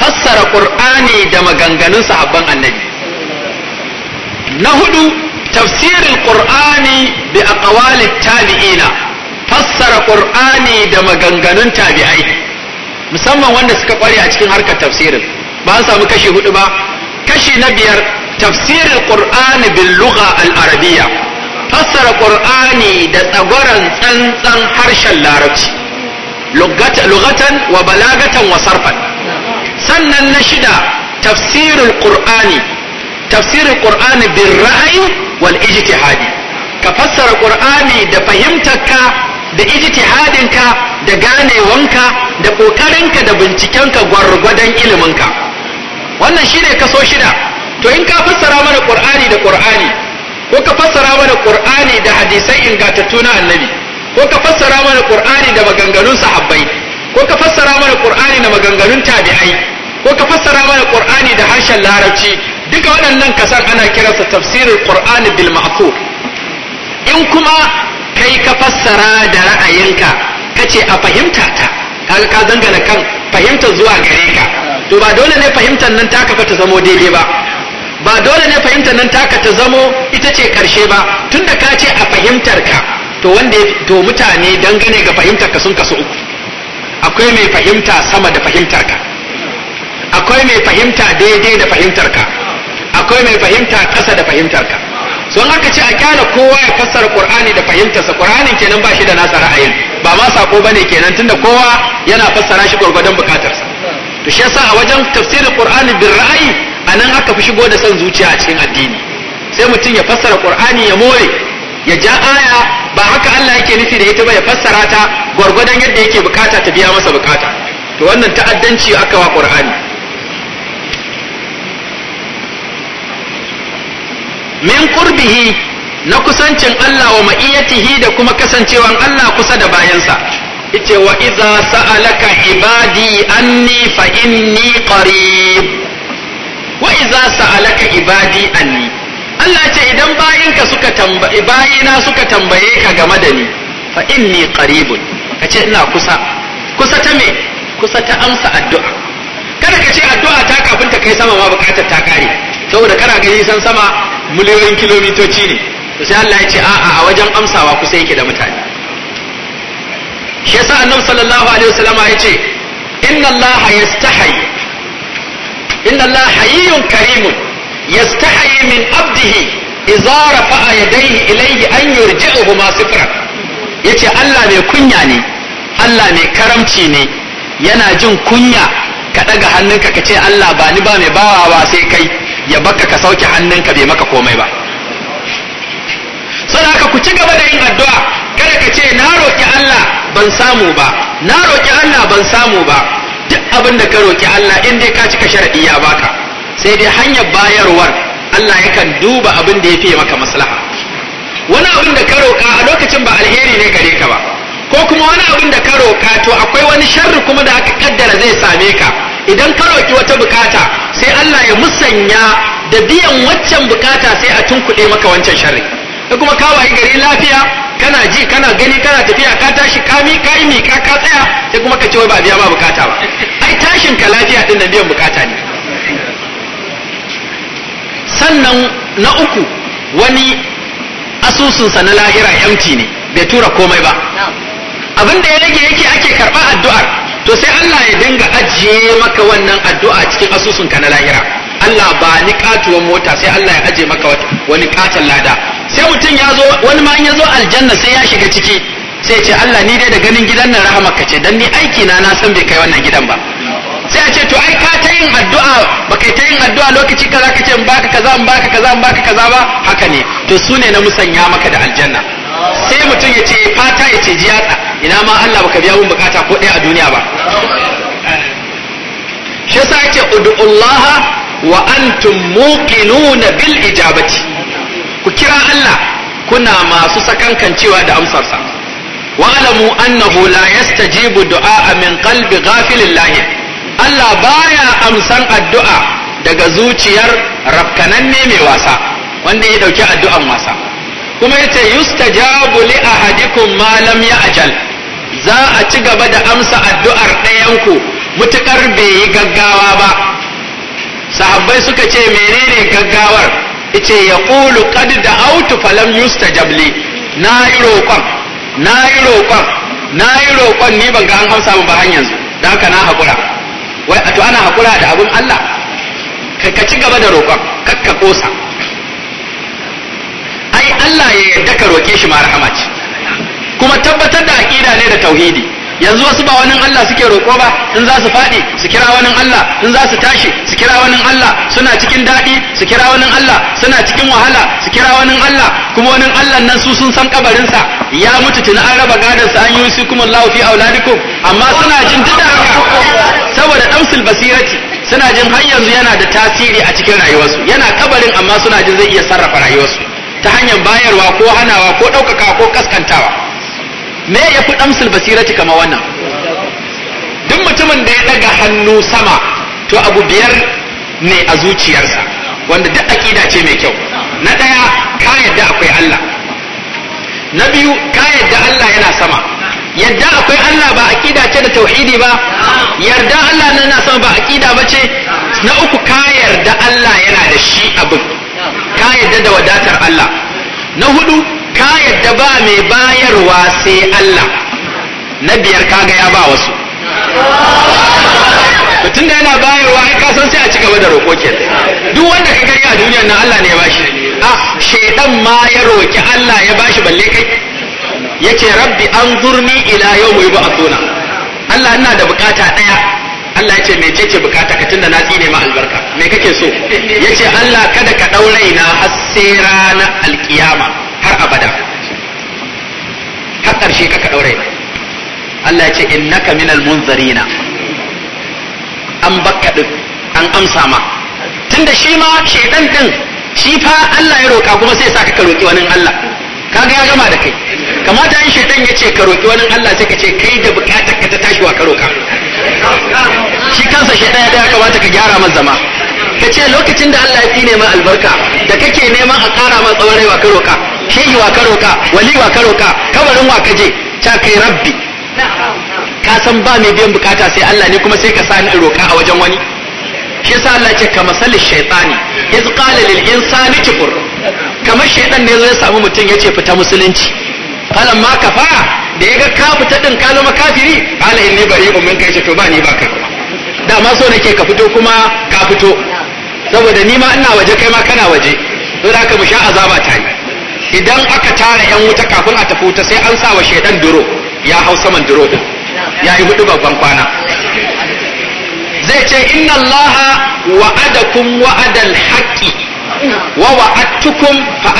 fassara ƙur'ani da maganganun sahabban annabi na hudu tafsirin ƙur'ani bi aqwalit tabi'ina fassara ƙur'ani da maganganun tabi'ai musamman wanda suka ƙware a cikin harkar tafsirin ba an samu kashi hudu ba kashi na biyar tafsirin ƙur'ani bin lugha al'arabiya. fassara ƙur'ani da tsagoran tsantsan harshen larabci lugatan wa balagatan wa sarfan sannan na shida tafsirin ƙur'ani tafsirin qur'ani bin ra'ayi wal ijtihadi ka fassara qur'ani da fahimtarka da ijtihadinka da ganewanka da kokarinka da bincikenka gwargwadon iliminka wannan shine kaso shida to in ka fassara mana qur'ani da qur'ani ko ka fassara mana qur'ani da hadisai ingantattu na annabi ko ka fassara mana qur'ani da maganganun sahabbai ko ka fassara mana qur'ani da maganganun tabi'ai ko ka fassara mana qur'ani da harshen larabci duka waɗannan kasar ana su tafsirin qur'ani bil ma'thur in kuma kai ka fassara da ra'ayinka ka ce a fahimta ta kaga ka dangana kan fahimtar zuwa gare ka to ba dole ne fahimtar nan ta kafa ta zamo daidai ba ba dole ne fahimtar nan taka ta zamo ita ce karshe ba tunda ka ce a fahimtar ka to wanda to mutane dangane ga fahimtar ka sun kasu uku akwai mai fahimta sama da fahimtar ka akwai mai fahimta daidai da fahimtar ka akwai mai fahimta kasa da fahimtarka so in aka ce a kyala kowa ya fassara qur'ani da fahimtarsa qur'anin kenan ba shi da nasa ra'ayin ba ma sako bane kenan tunda kowa yana fassara shi gwargwadon bukatarsa to shi yasa a wajen tafsirin qur'ani bin ra'ayi anan aka fi shigo da son zuciya a cikin addini sai mutum ya fassara qur'ani ya more ya ja aya ba haka Allah yake nufi da ita ba ya fassara ta gwargwadon yadda yake bukata ta biya masa bukata to wannan ta'addanci aka wa qur'ani min qurbihi na kusancin Allah wa ma'iyatihi da kuma kasancewan Allah kusa da bayansa yace wa idza sa'alaka ibadi anni fa inni qarib wa idza sa'alaka ibadi anni Allah ce idan bayinka suka tambaye bayina suka tambaye ka game da ni fa inni qaribun kace ina kusa kusa ta me kusa ta amsa addu'a kada ka ce addu'a ta kafin ta kai sama ma bukatar ta kare saboda kana gani san sama miliyoyin kilomitoci ne to sai Allah ya ce a'a a wajen amsawa kusa yake da mutane shi yasa annabi sallallahu alaihi wasallama ya ce inna Allah yastahi inna Allah hayyun karimun yastahi min abdihi idza rafa'a yadayhi ilayhi an ma sifra yace Allah mai kunya ne Allah mai karamci ne yana jin kunya ka daga hannunka ka ce Allah ba ni ba mai bawawa sai kai ya baka ka sauke hannunka bai maka komai ba sau haka ku ci gaba da yin addu'a kada ka ce na roƙi Allah ban samu ba na roƙi Allah ban samu ba duk abin da ka roƙi Allah in dai ka cika sharaɗi ya baka sai dai hanyar bayarwar Allah yakan duba abin da ya fiye maka maslaha wani abin da ka roƙa a lokacin ba alheri ne gare ka ba ko kuma wani abin da ka roƙa to akwai wani sharri kuma da aka kaddara zai same ka idan ka roki wata bukata sai Allah ya musanya da biyan waccan bukata sai a tunkuɗe maka wancan sharri da kuma kawaye gari lafiya kana ji kana gani kana tafiya ka tashi ka mi ka mi ka ka tsaya sai kuma ka ce wai ba biya ma bukata ba ai tashin ka lafiya din da biyan bukata ne sannan na uku wani asusunsa na lahira yamti ne bai tura komai ba abin da ya rage yake ake karɓa addu'ar to sai Allah ya dinga ajiye maka wannan addu'a cikin asusunka na lahira Allah ba ni katuwar mota sai Allah ya ajiye maka wani katon lada sai mutum ya zo wani ma in ya zo aljanna sai ya shiga ciki sai ce Allah ni dai da ganin gidan nan rahamaka ce dan ni aiki na na san bai kai wannan gidan ba sai ya ce to ai ka ta yin addu'a ba kai ta yin addu'a lokaci kaza ka ce in baka kaza in baka kaza in baka kaza ba haka ne to su ne na musanya maka da aljanna sai mutum ya ce fata ya ce jiya ina ma Allah baka biya mun bukata ko ɗaya a duniya ba shi sa ake ud'ullaha wa antum muqinuna bil ijabati ku kira Allah kuna masu sakankancewa da amsarsa wa'lamu annahu la yastajibu du'a min qalbi ghafilin lahi Allah baya amsan addu'a daga zuciyar rafkananne mai wasa wanda ya dauki addu'an wasa kuma yace yustajabu li ahadikum ma lam ya'jal za a ci gaba da amsa addu'ar ɗayanku mutukar bai yi gaggawa ba sahabbai suka ce menene gaggawar ice ya ƙulu kad da autu falam yustajab li na yi roƙon na yi roƙon na yi roƙon ni ban ga an amsa ba har yanzu da haka na haƙura wai a to ana haƙura da abun Allah ka ci gaba da roƙon kakka ƙosa ai Allah ya yarda ka roƙe shi ma rahama ce kuma tabbatar da aqida ne da tauhidi yanzu wasu ba wani Allah suke roƙo ba in za su faɗi su kira wani Allah in za su tashi su kira wani Allah suna cikin daɗi su kira wani Allah suna cikin wahala su kira wani Allah kuma wani Allah nan su sun san kabarinsa ya mutu tuni an raba sa an yi kuma Allah fi auladikum amma suna jin duk saboda damsul basirati suna jin har yanzu yana da tasiri a cikin rayuwarsu yana kabarin amma suna jin zai iya sarrafa rayuwarsu ta hanyar bayarwa ko hanawa ko ɗaukaka ko kaskantawa me ya fi damsul basirati kama wannan duk mutumin da ya daga hannu sama to abu biyar ne a zuciyarsa wanda duk aƙida ce mai kyau na ɗaya ka yadda akwai Allah na biyu ka yadda Allah yana sama yadda akwai Allah ba aƙida ce da tauhidi ba yarda Allah na sama ba aƙida ba ce na uku ka yarda Allah yana da shi abin ka yarda da wadatar Allah na hudu ka yadda ba mai bayarwa sai Allah na biyar kaga ya ba wasu mutum da yana bayarwa ya ka sai a ci gaba da roƙo ke duk wanda ka gani a duniyar na Allah ne ya bashi a shaidan ma ya roƙi Allah ya bashi balle kai ce rabbi an zurni ila a yub'athuna Allah ina da bukata ɗaya. Allah ya ce mai ce bukata ka tunda na tsine ma albarka me kake so Ya ce Allah kada ka daure na har sai ranar alkiyama har abada har ƙarshe ka ka ɗaure Allah ya ce innaka minal munzarina an bakka din an amsa ma tunda shi ma shedan din shi fa Allah ya roƙa kuma sai sa ka roƙi wani Allah kaga ya gama da kai kamata in shedan ya ce ka roƙi wani Allah sai ka ce kai da buƙatar ka ta tashi wa ka roƙa shi kansa shedan ya kamata ka gyara man zama ka ce lokacin da Allah ya tsine ma albarka da kake neman a ƙara ma tsawon raiwa ka roƙa shehi wa ka roka wali wa ka roka wa kaje ta kai rabbi ka san ba mai biyan bukata sai Allah ne kuma sai ka sani roka a wajen wani shi yasa Allah ce ka masalin shaytani iz qala lil insani kufur kamar shaytan ne zai samu mutum yace fita musulunci Kala ma kafa da yaga ka fita din ka zama kafiri qala inni bari'un minka yace to ba ni ba kai dama so nake ka fito kuma ka fito saboda ni ma ina waje kai ma kana waje don haka mu sha azaba ta yi idan aka tara yan wuta kafin a tafi wuta sai an sa wa shaidan duro ya hau saman duro din ya yi hudu babban kwana zai ce inna allaha wa'adakum wa'adal haqqi wa wa'adtukum fa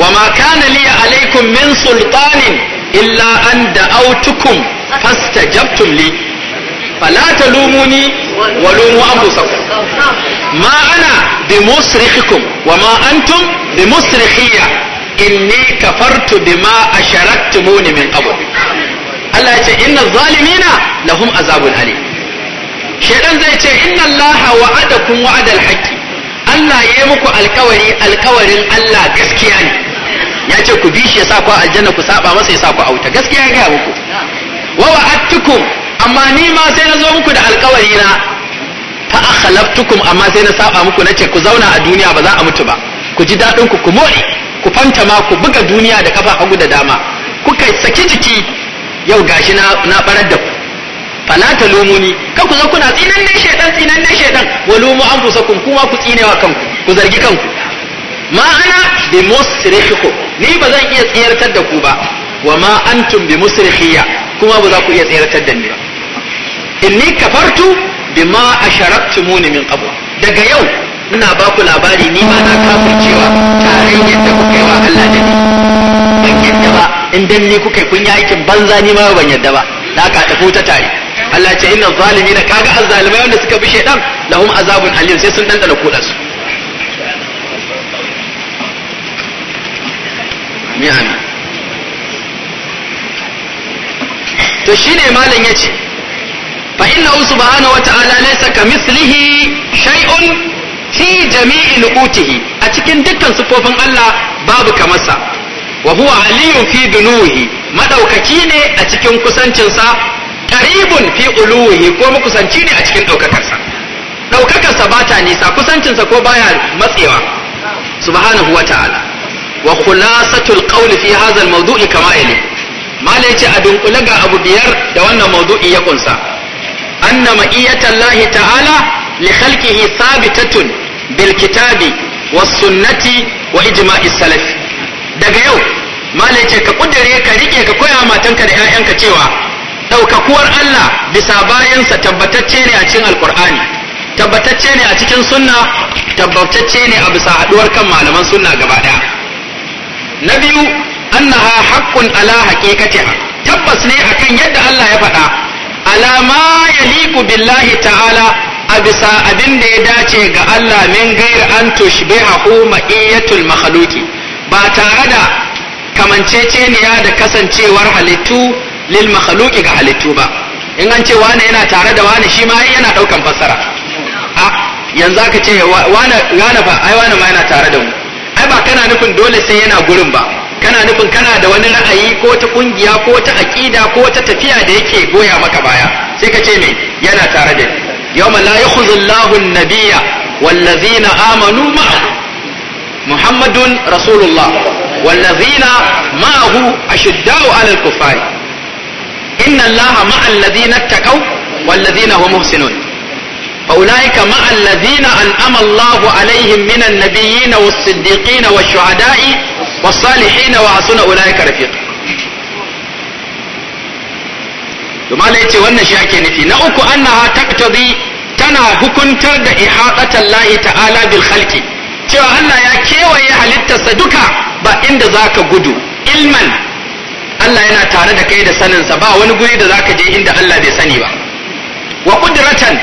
wa ma kana li alaykum min sultanin illa an da'awtukum fastajabtum li fala talumuni wa lumu anfusakum ma ana bimusrikhikum wa ma antum bimusrikhiyya inni kafartu bima asharaktumuni min qabl Allah ya ce inna zalimina lahum azabun alim shedan zai ce inna Allah wa'adakum wa'adal haqqi Allah ya yi muku alkawari alkawarin Allah gaskiya ne ya ce ku bi shi ya sa ku aljanna ku saba masa ya sa ku auta gaskiya ya gaya muku wa wa'adtukum amma ni ma sai na zo muku da alkawari na fa akhlaftukum amma sai na saba muku nace ku zauna a duniya ba za a mutu ba ku ji dadin ku ku mori ku fanta ma ku buga duniya da kafa hagu da dama kuka saki jiki yau gashi na na barar da ku fala ta lumuni ka ku zo kuna tsinannen shedan tsinannen shedan wa an anfusakum kuma ku tsinewa kanku ku zargi kanku ma ana bi ni ba zan iya tsiyartar da ku ba wa ma antum bi musrikhiya kuma ba za ku iya tsiyartar da ni ba inni kafartu bima asharaktumuni min qabl daga yau ina ba ku labari ni ma na kafircewa tarayyar da kuka yi wa Allah da ban yadda ba in dan ni kuka kun yi aikin banza ni ma ban yadda ba na ka tafi ta tare Allah ce inna zalimina kaga azzalimai wanda suka bi shedan lahum azabun alim sai sun dandana kudar su mi to shine malam yace فإنه سبحانه وتعالى ليس كمثله شيء في جميع نقوته أتكن دكا سفوفا الله باب كمسا وهو علي في دنوه مدوككيني أتكن كسانتنسا قريب في علوه كوم كسانتيني أتكن دوككسا دوككسا باتا نيسا كسانتنسا كو بايا مطيوة سبحانه وتعالى وخلاصة القول في هذا الموضوع كما يلي ما ليش أدنقلق أبو بير دوانا موضوع يكون سا anna ma'iyatallahi ta'ala li khalqihi sabitatun bil kitabi was sunnati wa ijma'is salaf daga yau malai ce ka kudure ka rike ka koya matanka da 'ya'yanka cewa ɗaukakuwar Allah bisa bayansa tabbatacce ne a cikin alkur'ani tabbatacce ne a cikin sunna tabbatacce ne a bisa haɗuwar kan malaman sunna gaba na biyu annaha haqqun ala haqiqatiha tabbas ne akan yadda Allah ya faɗa alama ya liku billahi ta'ala a bisa abin da ya dace ga Allah min gair an tushbihahu ma'iyatul makhluki ba tare da kamanceceniya da kasancewar halittu lil makhluki ga halittu ba in an ce wani yana tare da wani shi ma yana daukan fassara a yanzu aka ce wani gane ba ai wani ma yana tare da mu ai ba kana nufin dole sai yana gurin ba kana nufin kana da wani ra'ayi ko ta kungiya ko ta aƙida ko ta tafiya da yake goya maka baya sai ka ce me yana tare da yawma la yakhudhu Allahu an-nabiyya wallazina amanu ma'ahu muhammadun rasulullah wallazina ma'ahu ashiddau 'alal kuffari inna Allaha ma'al ladzina ittaqaw wallazina hum muhsinun فأولئك مع الذين أنعم الله عليهم من النبيين والصديقين والشهداء wasalihina wa suna ulaika rafiqa to malai yace wannan shi ake nufi na uku annaha taqtadi tana hukuntar da ihatatal lahi ta'ala bil khalqi cewa Allah ya kewaye halittarsa duka ba inda zaka gudu ilman Allah yana tare da kai da saninsa ba wani guri da zaka je inda Allah bai sani ba wa qudratan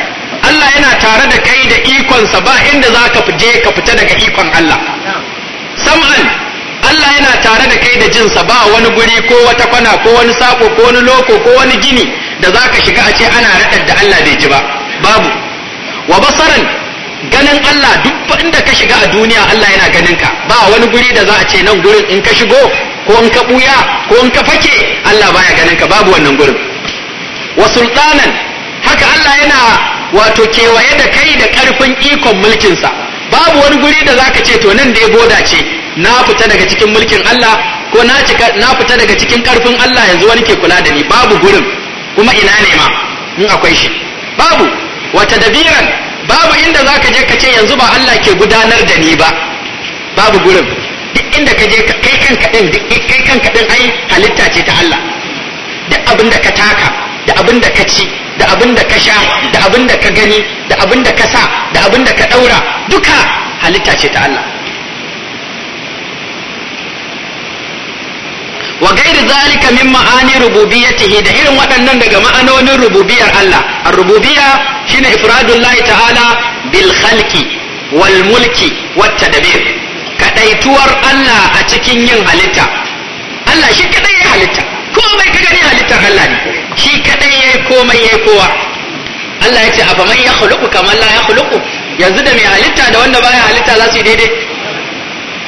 Allah yana tare da kai da ikonsa ba inda zaka fije ka fita daga ikon Allah sam'an Allah yana tare da kai da jinsa ba wani guri ko wata kwana ko wani sako ko wani loko ko wani gini da za ka shiga a ce ana raɗar da Allah bai ji ba babu wa basaran ganin Allah duk inda ka shiga a duniya Allah yana ganin ka ba wani guri da za a ce nan gurin in ka shigo ko in ka buya ko in ka fake Allah baya ganin ka babu wannan gurin wa sultanan haka Allah yana wato kewaye da kai da karfin ikon mulkinsa babu wani guri da za ka ce to nan da ya boda ce na fita daga cikin mulkin Allah ko na cika na fita daga cikin karfin Allah yanzu wani ke kula da ni babu gurin kuma ina ne ma mun akwai shi babu wata dabiran babu inda zaka je ka ce yanzu ba Allah ke gudanar da ni ba babu gurin duk inda ka je kai kanka din duk kai kanka din ai halitta ce ta Allah duk abin da ka taka da abin da ka ci da abin da ka sha da abin da ka gani da abin da ka sa da abin da ka ɗaura, duka halitta ce ta Allah wa gairi zalika min ma'ani rububiyyatihi da irin waɗannan daga ma'anonin rububiyar Allah ar-rububiyya shine ifradullahi ta'ala bil khalqi wal mulki wat tadbir kadaituwar Allah a cikin yin halitta Allah shi kadai ya halitta komai ka gani halittar Allah ne shi kadai yayi komai yayi kowa Allah ya ce afa man yakhluqu kama la yakhluqu yanzu da mai halitta da wanda baya halitta za su yi daidai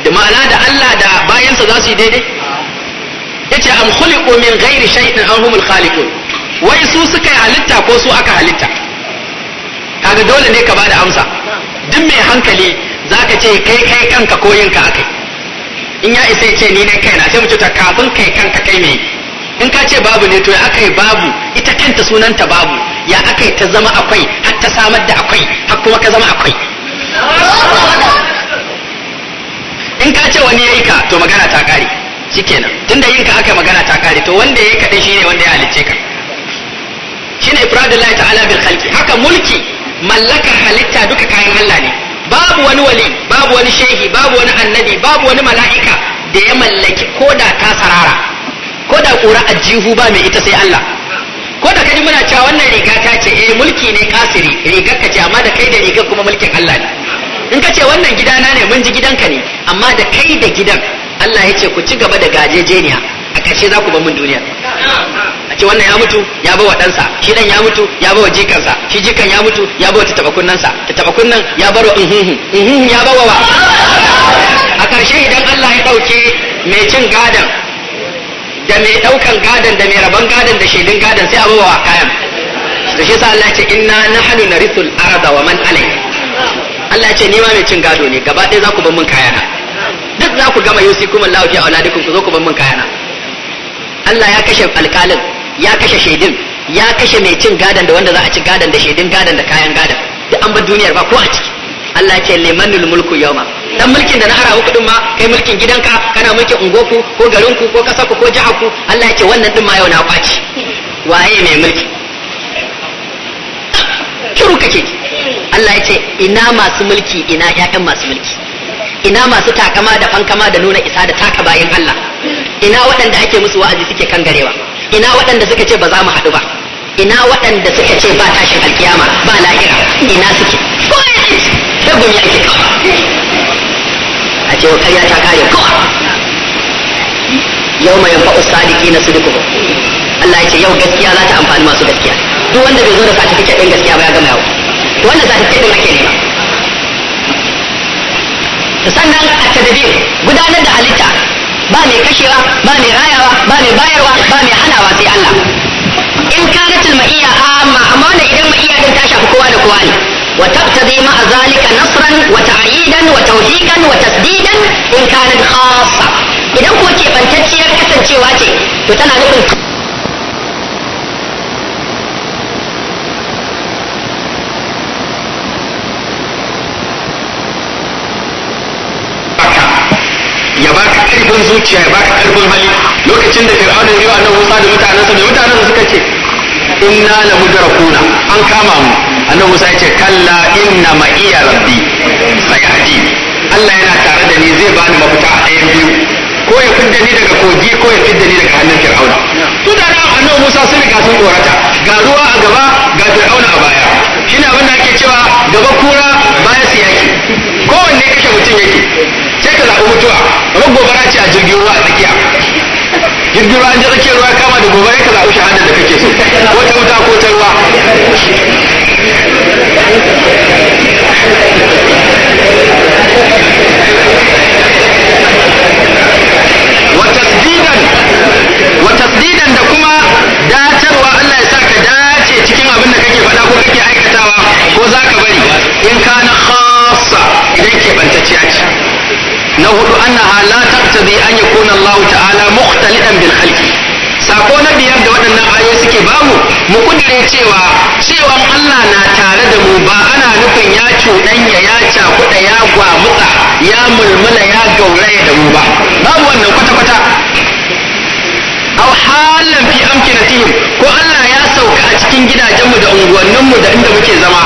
da ma'ana da Allah da bayansa za su yi daidai yace am khuliqu min ghairi shay'in aw humul khaliqun wai su suka yi halitta ko su aka halitta kaga dole ne ka bada amsa duk mai hankali zaka ce kai kai kanka ko yinka akai in ya isa ce ni ne kaina sai mu ce kafin kai kanka kai ne in ka ce babu ne to ya akai babu ita kanta sunanta babu ya akai ta zama akwai har ta samar da akwai har kuma ka zama akwai in ka ce wani ya yi ka to magana ta kare shikenan tunda yin ka aka magana ta kare to wanda ya kaɗai shine wanda ya halicce ka shine ifradullahi ta'ala bil khalqi haka mulki mallakar halitta duka kayan Allah ne babu wani wali babu wani shehi babu wani annabi babu wani mala'ika da ya mallaki koda ta sarara koda kura ajihu ba mai ita sai Allah ko da kaji muna cewa wannan riga ta ce eh mulki ne kasiri rigar ka ce amma da kai da rigar kuma mulkin Allah ne in ka ce wannan gidana ne mun ji gidanka ne amma da kai da gidan Allah ya ce ku ci gaba da gajejeniya a ƙarshe za ku ba mun duniya a ce wannan ya mutu ya bawa ɗansa shi ɗan ya mutu ya bawa jikansa shi jikan ya mutu ya bawa tattaba kunnen ya baro inhuhu inhuhu ya bawa wa a ƙarshe idan Allah ya ɗauke mai cin gadon da mai ɗaukan gadon da mai rabon gadon da shaidun gadon sai a bawa wa kayan da shi sa Allah ya ce inna na narithul arda wa man alai Allah ya ce ni ma mai cin gado ne gaba ɗaya za ku ban mun kayana duk za ku gama yusi kuma Allah fi auladikum ku zo ku mun kayana Allah ya kashe alƙalin ya kashe shaidin ya kashe mai cin gadan da wanda za a ci gadan da shaidin gadan da kayan gadan da an bar duniyar ba ko a ciki Allah ce limanul mulku yawma dan mulkin da na harawa kudin ma kai mulkin gidanka kana mulkin ungoku ko garinku ko kasarku ko ku. Allah ya ce wannan din ma yau na kwaci waye mai mulki kiru kake Allah ya ce ina masu mulki ina ƴaƴan masu mulki ina masu takama da fankama da nuna isa da taka bayan Allah ina waɗanda ake musu wa'azi suke kan garewa ina waɗanda suka ce ba za mu haɗu ba ina waɗanda suka ce ba tashin alkiyama ba lahira ina suke da gumi ake kawa a ce wa karya ta kare kawa yau mai yanfa usaliki na suduku Allah ya ce yau gaskiya za ta amfani masu gaskiya duk wanda bai zo da satifiket ɗin gaskiya ba ya gama yau wannan satifiket ɗin ake nema sannan a tadabir gudanar da halitta ba mai kashewa ba mai rayawa ba mai bayarwa ba mai hanawa sai Allah in kana tilmaiya amma amma wannan idan ma'iyya din ta shafi kowa da kowa ne wa tabtadi ma zalika nasran wa ta'idan wa tawfiqan wa tasdidan in kana khassa idan ko ke bantacciyar kasancewa ce to tana nufin zuciya ya baka karfin hali lokacin da fir'auna ya wa annabi Musa da mutanensa da mutanen suka ce inna la mudrakuna an kama mu annabi Musa ya ce kalla inna ma iya rabbi Allah yana tare da ni zai bani mafita a ɗayan biyu ko ya fidda ni daga kogi ko ya fidda ni daga hannun fir'auna tun da nan Musa sun riga sun tsorata ga ruwa a gaba ga fir'auna a baya shine abin da ake cewa gaba kura baya su yaki ko wanne kashe mutum yake sai ka zaɓi mutuwa kamar gobara ce a jirgin ruwa a tsakiya jirgin ruwa an ji tsakiyar ruwa kama da gobara ka zaɓi shahada da kake so ko ta wuta ko ta ruwa kake aikatawa ko za ka bari in ka na khasa idan keɓantacciya ce na hudu annaha la taqtadi an yakuna Allah ta'ala mukhtalidan bil khalqi sako na biyar da waɗannan ayoyi suke bamu mu kudure cewa cewan Allah na tare da mu ba ana nufin ya cuɗanya ya cakuɗa ya gwamutsa ya mulmula ya gauraya da mu ba babu wannan kwata-kwata aw halan fi amkinatihim ko Allah sauka a cikin gidajenmu da unguwanninmu da inda muke zama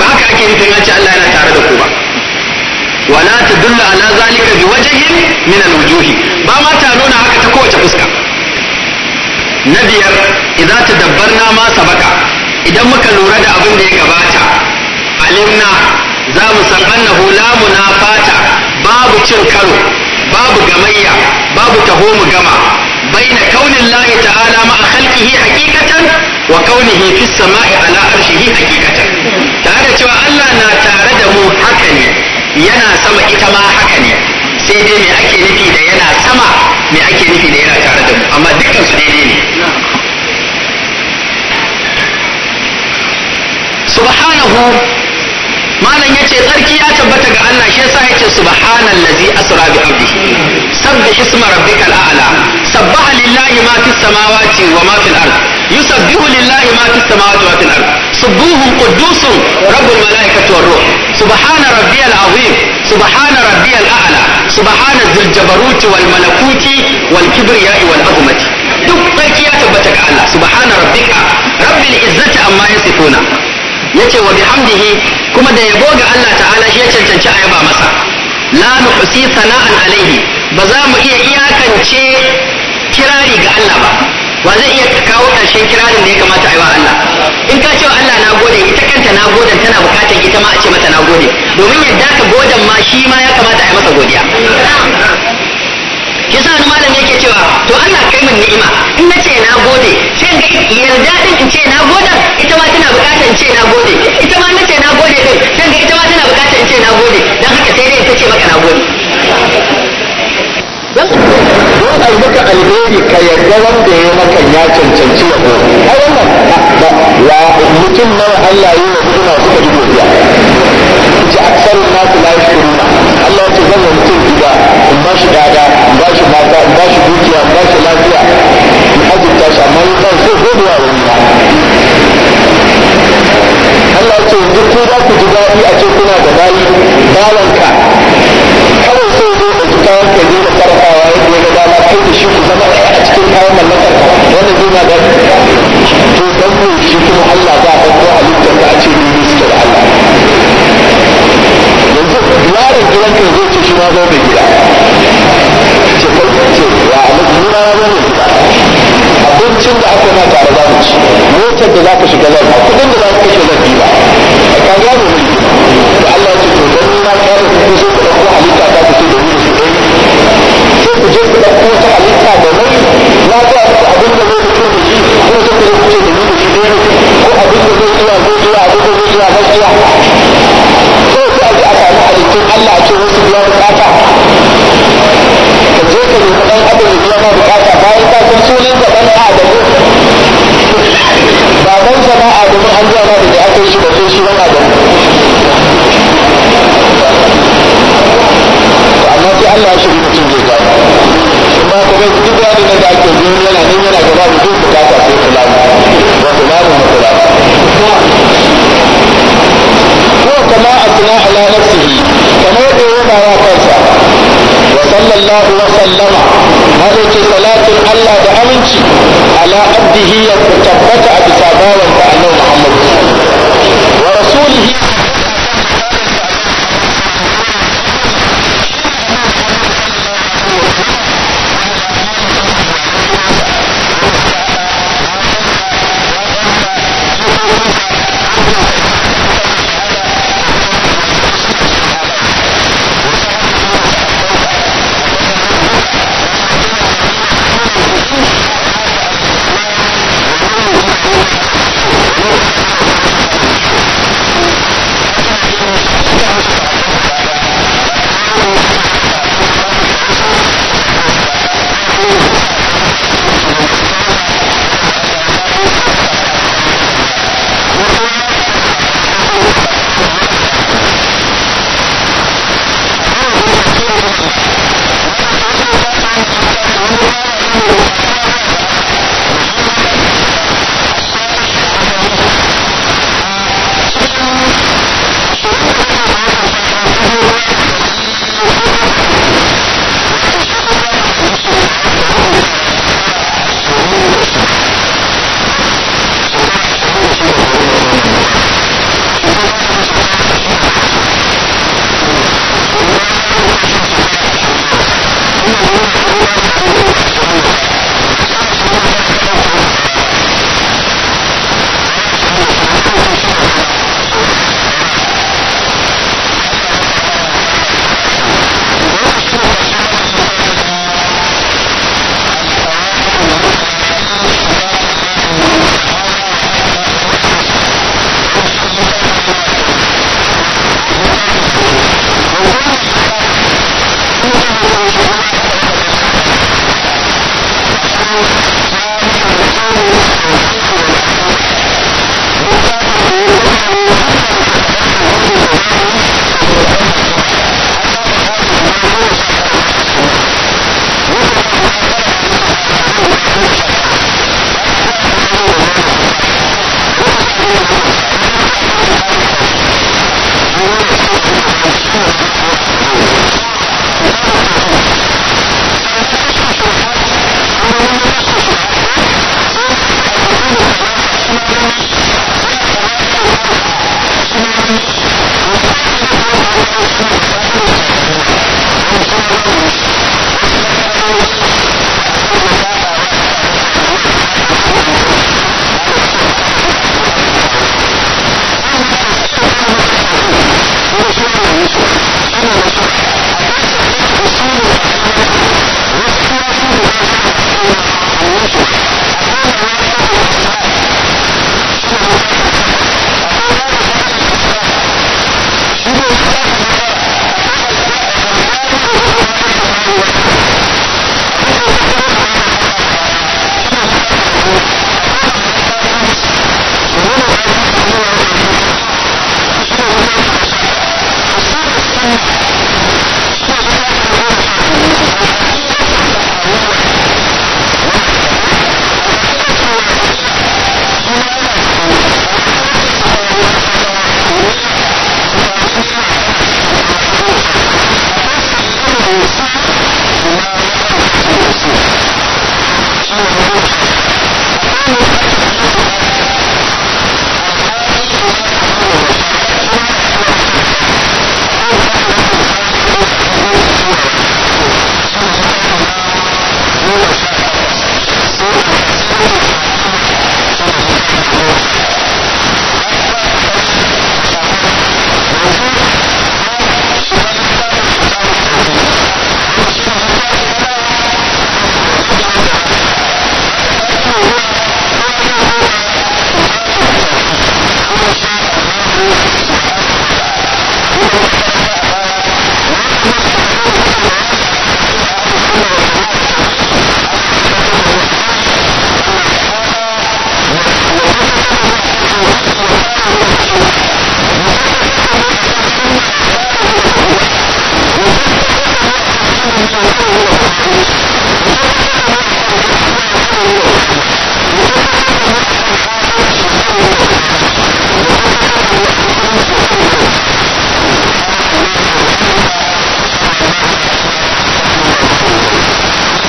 ba haka ake nufin an ce Allah yana tare da ku ba wala ta dulla ala zalika bi wajhin min alwujuhi ba ma ta nuna haka ta kowace fuska na biyar idza tadabbarna ma sabaka idan muka lura da abin da ya gabata alimna za mu san annahu la munafata babu cin karo babu gamayya babu taho mu gama بين كون الله تعالى مع خلقه حقيقة وكونه في السماء على عرشه حقيقة تعالى توا الله نا تارده حكني ينا سما إتما حكني سيدي مي أكي نفي دي ينا سما مي أكي نفي دي ينا تارده أما دكا سيديني سبحانه ما لن يتي wannan shi yasa yace subhanallazi asra bi abdihi sabbih isma rabbikal a'la sabbaha lillahi ma fis samawati wa ma fil ard yusabbihu lillahi ma fis samawati wa fil ard subuhu qudusun rabbul malaikati war ruh subhana rabbiyal azim subhana rabbiyal a'la subhana dhil jabaruti wal malakuti wal kibriyai wal azmati duk sarki ya tabbata ga Allah subhana rabbika rabbil izzati amma yasifuna yace wa bihamdihi kuma da yabo ga Allah ta'ala shi ya cancanci a yaba masa la nuhsi sana'an alaihi ba za mu iya iyakance kirari ga Allah ba wa zai iya kawo ƙarshen kirarin da ya kamata a yi wa Allah in ka ce wa Allah na gode ita kanta na goden tana bukatar ita ma a ce mata na gode domin yadda ka godan ma shi ma ya kamata a yi masa godiya kisa wani malam yake cewa to Allah kai min ni'ima in na ce na gode sai ga yarda din in ce na gode ita ma tana bukatar in ce na gode ita ma na ce na gode din sai ga ita ma tana bukatar in ce na gode dan haka sai dai ta ce maka na gode don a maka alheri ka yarda wanda ya maka ya cancanci wa ko ai wannan ya mutum na Allah ya yi wa hidima suka ji godiya ce aksar nasu la yashkurun Allah ya ce zan wa mutum gida in ba shi dada in ba shi mata in ba shi dukiya in ba shi lafiya in azurta shi amma in ban so gobewa wani ba Allah ya ce yanzu ko za ku ji daɗi a ce kuna da bayi balanka kawai sai zo da kayan ka je da sarrafawa yadda ya ga dama kai da shi ku zama ɗaya a cikin kayan mallakar wannan zai na da to dan shi kuma Allah ba a ɗauko halittar da a ce ni ne suke ba mai gidan ka zai ce shi ma zo mai gida ce kai ce ya alaƙi na zo mai gida abincin da aka na tare za mu motar da za ka shiga zan ba kudin da za ka kashe zan biya ka gano mai gida Allah ce to dan na kare ku zo ku ɗauko halitta ta ku ce domin su ɗaya sai ku je ku ɗauko ta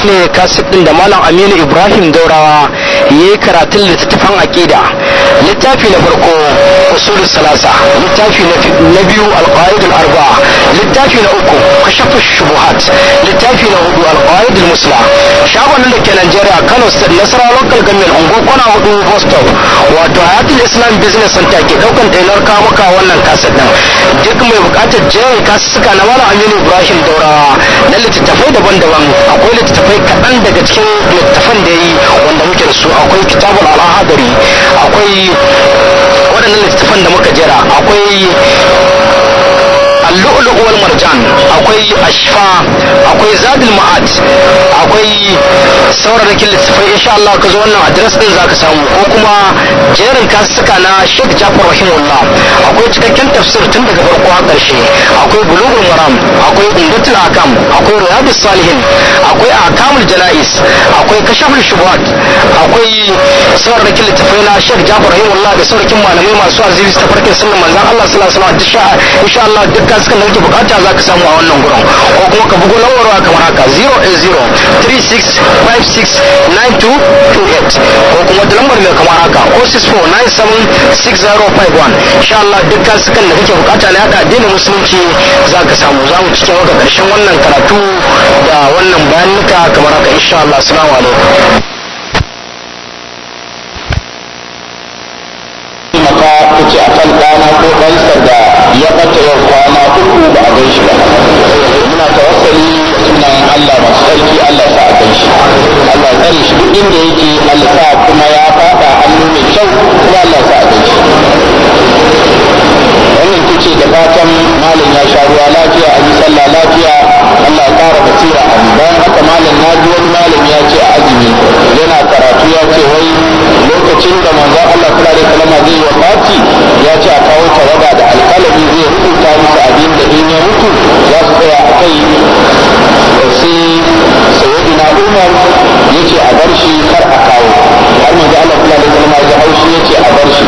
ne kasif ɗin da malam aminu ibrahim daurawa ya yi karatun littattafan aƙida littafi na farko usulul salasa littafi na biyu alqaid arba'a littafi na uku kashaf shubuhat littafi na hudu alqaid musla shagon da ke Najeriya Kano State Nasara Local Government Ungo kwana hudu Boston wato Hayatul Islam Business Center ke daukan tailar kamuka wannan kaset din duk mai bukatar jerin kasuka na Malam Aminu Ibrahim Daurawa na littattafai daban-daban akwai littattafai kaɗan daga cikin littattafai littattafan da yi wanda muke da su akwai kitabul alhadari akwai waɗannan littattafan da muka jira akwai اللؤلؤ Marjan, akwai ashfa akwai zadul ma'at akwai sauraron littafai insha Allah ka zo wannan address din zaka samu ko kuma jerin kasuka na Sheikh Jafar rahimahullah akwai cikakken tafsir tun daga farko har karshe akwai bulugul maram akwai umdatul akam akwai riyadus salihin akwai akamul jalais akwai kashaful shubuhat akwai sauraron littafai na Sheikh Jafar rahimahullah da sauraron malamai masu aziri ta farkin sunan manzon Allah sallallahu iska da kake bukata za ka samu a wannan gurin ko kuma ka bugu lawarwa kamar haka 08036569228 ko kuma da lambar mai kamar haka 064976051 insha Allah dukkan sukan da kake bukata na haka addinin musulunci za ka samu za mu cikin maka karshen wannan karatu da wannan bayanuka kamar haka insha Allah assalamu alaikum duk ba a gan shi ba muna tawassali sunayen Allah masu sarki Allah sa a gan shi Allah tsare shi duk inda yake Allah sa kuma ya fada hannu mai kyau kuma Allah sa a gan shi wannan kice da fatan malam ya sha ruwa lafiya a yi sallah lafiya ƙara basira a bayan haka malam na ji wani malam ya ce a azumi yana karatu ya ce wai lokacin da manzo Allah sallallahu alaihi kalama zai yi wafati ya ce a kawo tawada da alƙalami zai rubuta musu abin da in ya mutu za su tsaya a kai sai na Umar ya ce a bar shi kar a kawo har manzo Allah sallallahu alaihi kalama ya haushi ya ce a bar shi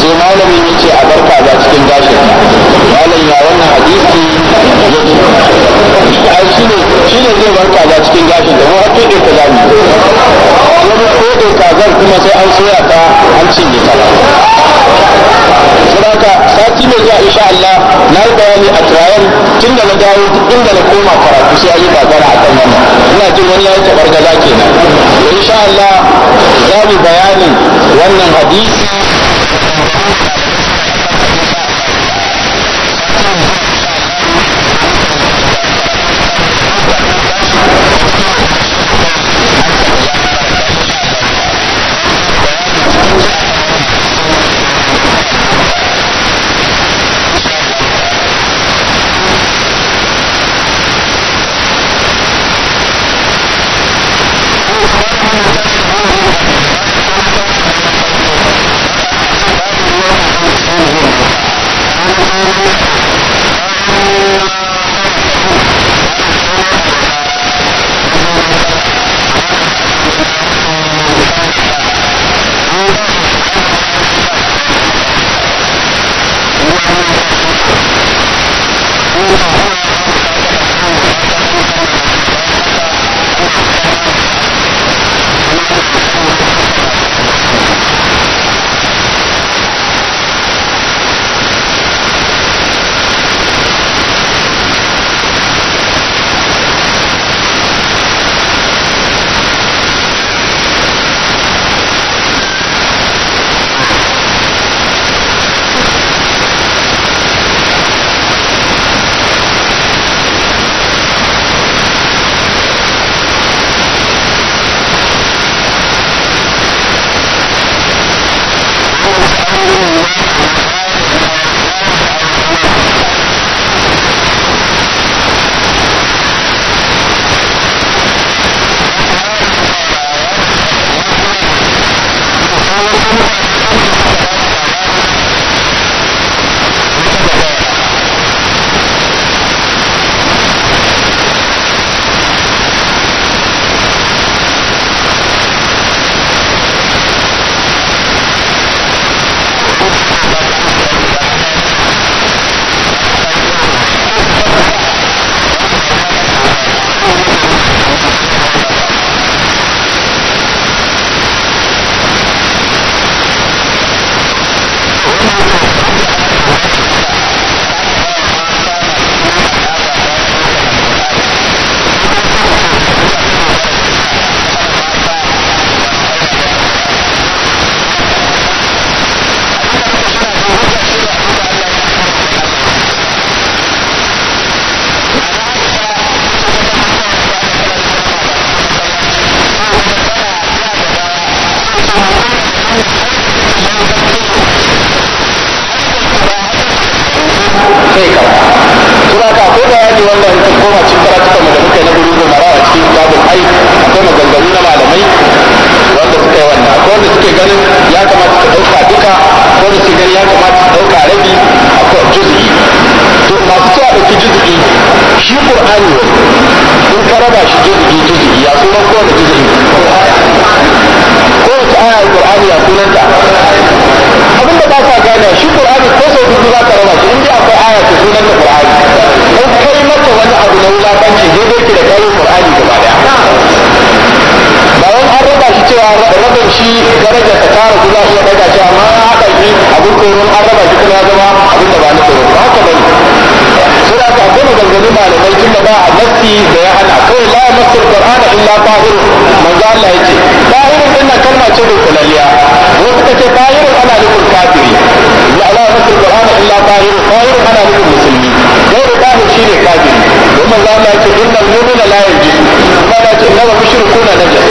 sai malamin ya ce a barka ga cikin gashin malam ya wannan hadisi ai shi ne shi ne zai bar kaza cikin gashin da mu har tuɗe ta zamu wani tuɗe kazar kuma sai an soya ta an cinye ta saboda sati mai zuwa insha Allah na yi bayani a turayen tun da na dawo inda na koma karatu sai an yi bazara a kan wannan ina jin wani ya yi tabar gaza kenan insha Allah za mu bayanin wannan hadisi غير طاهر أنا بكم مسلمين غير طاهر شيء كافر وما الله لا يقول إن المؤمن لا ينجس ما لا يقول إنما المشركون نجس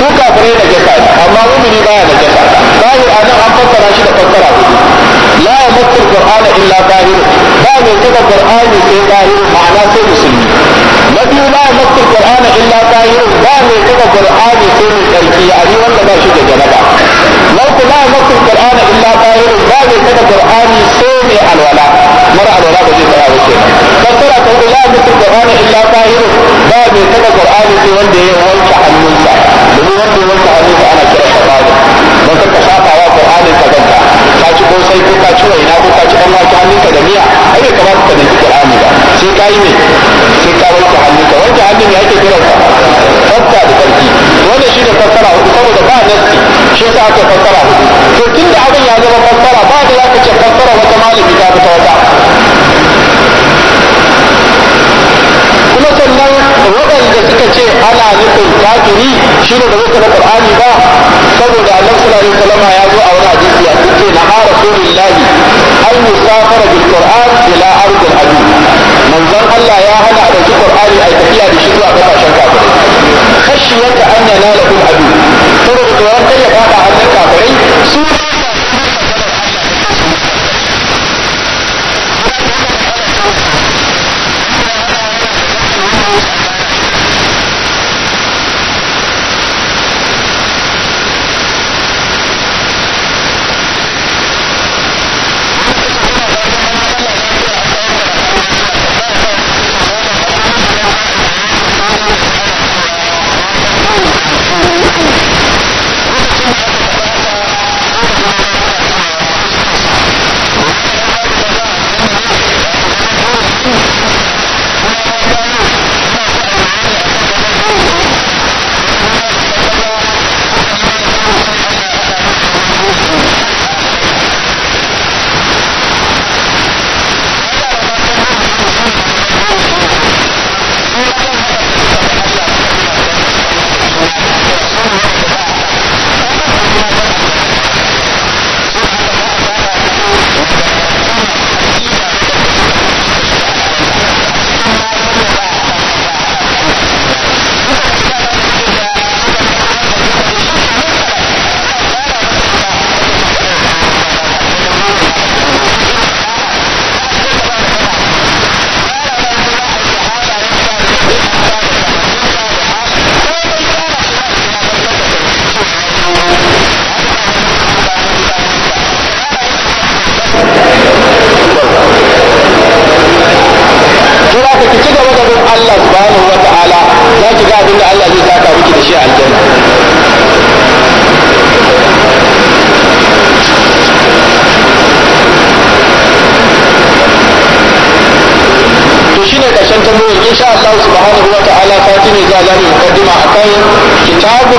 سو كافرين نجسا أما مؤمن ما نجسا طاهر أنا أم فكر أشد فكر لا يمس القرآن إلا طاهر لا يمس القرآن سي طاهر معناه سي مسلمين نبي لا يمس القرآن إلا طاهر لا يمس القرآن سي مسلمين يعني ولا ما شد جنبه لا يمس القرآن إلا الطاهر babu kada qur'ani sai mai alwala mara alwala ba zai tsaya ba ke fassara ta hudu la mutum qur'ani illa tahiru ba mai kada qur'ani sai wanda ya wanke hannunsa domin wanda ya wanke hannunsa ana kira shi tahiru don kar ka shafa wa qur'ani ka ganta ka ci ko sai ko ka ci waina ko ka ci dan wake hannunka da miya ai bai kamata ka nufi qur'ani ba sai ka yi mai sai ka wanke hannunka wanke hannun ya ake kiransa tsafta da tsarki wannan shi ne fassara hudu saboda ba nasi shi sa aka fassara hudu to tun da abin ya zama fassara ba da zaka ce fassara wata malami ta fita wata kuma sannan waɗanda suka ce ana nufin kafiri shi ne da zai na qur'ani ba saboda annabi sallallahu salama ya zo a wani hadisi ya ce na rasulillahi an musafara bil qur'an ila ardil adu manzon Allah ya hana a ɗauki qur'ani a tafiya da shi zuwa ƙasashen kafirai خشية أن ينالكم عدو فرض القرآن كيف هذا عن الكافرين إن شاء الله سبحانه وتعالى فاتني زالني مقدمة عن كتاب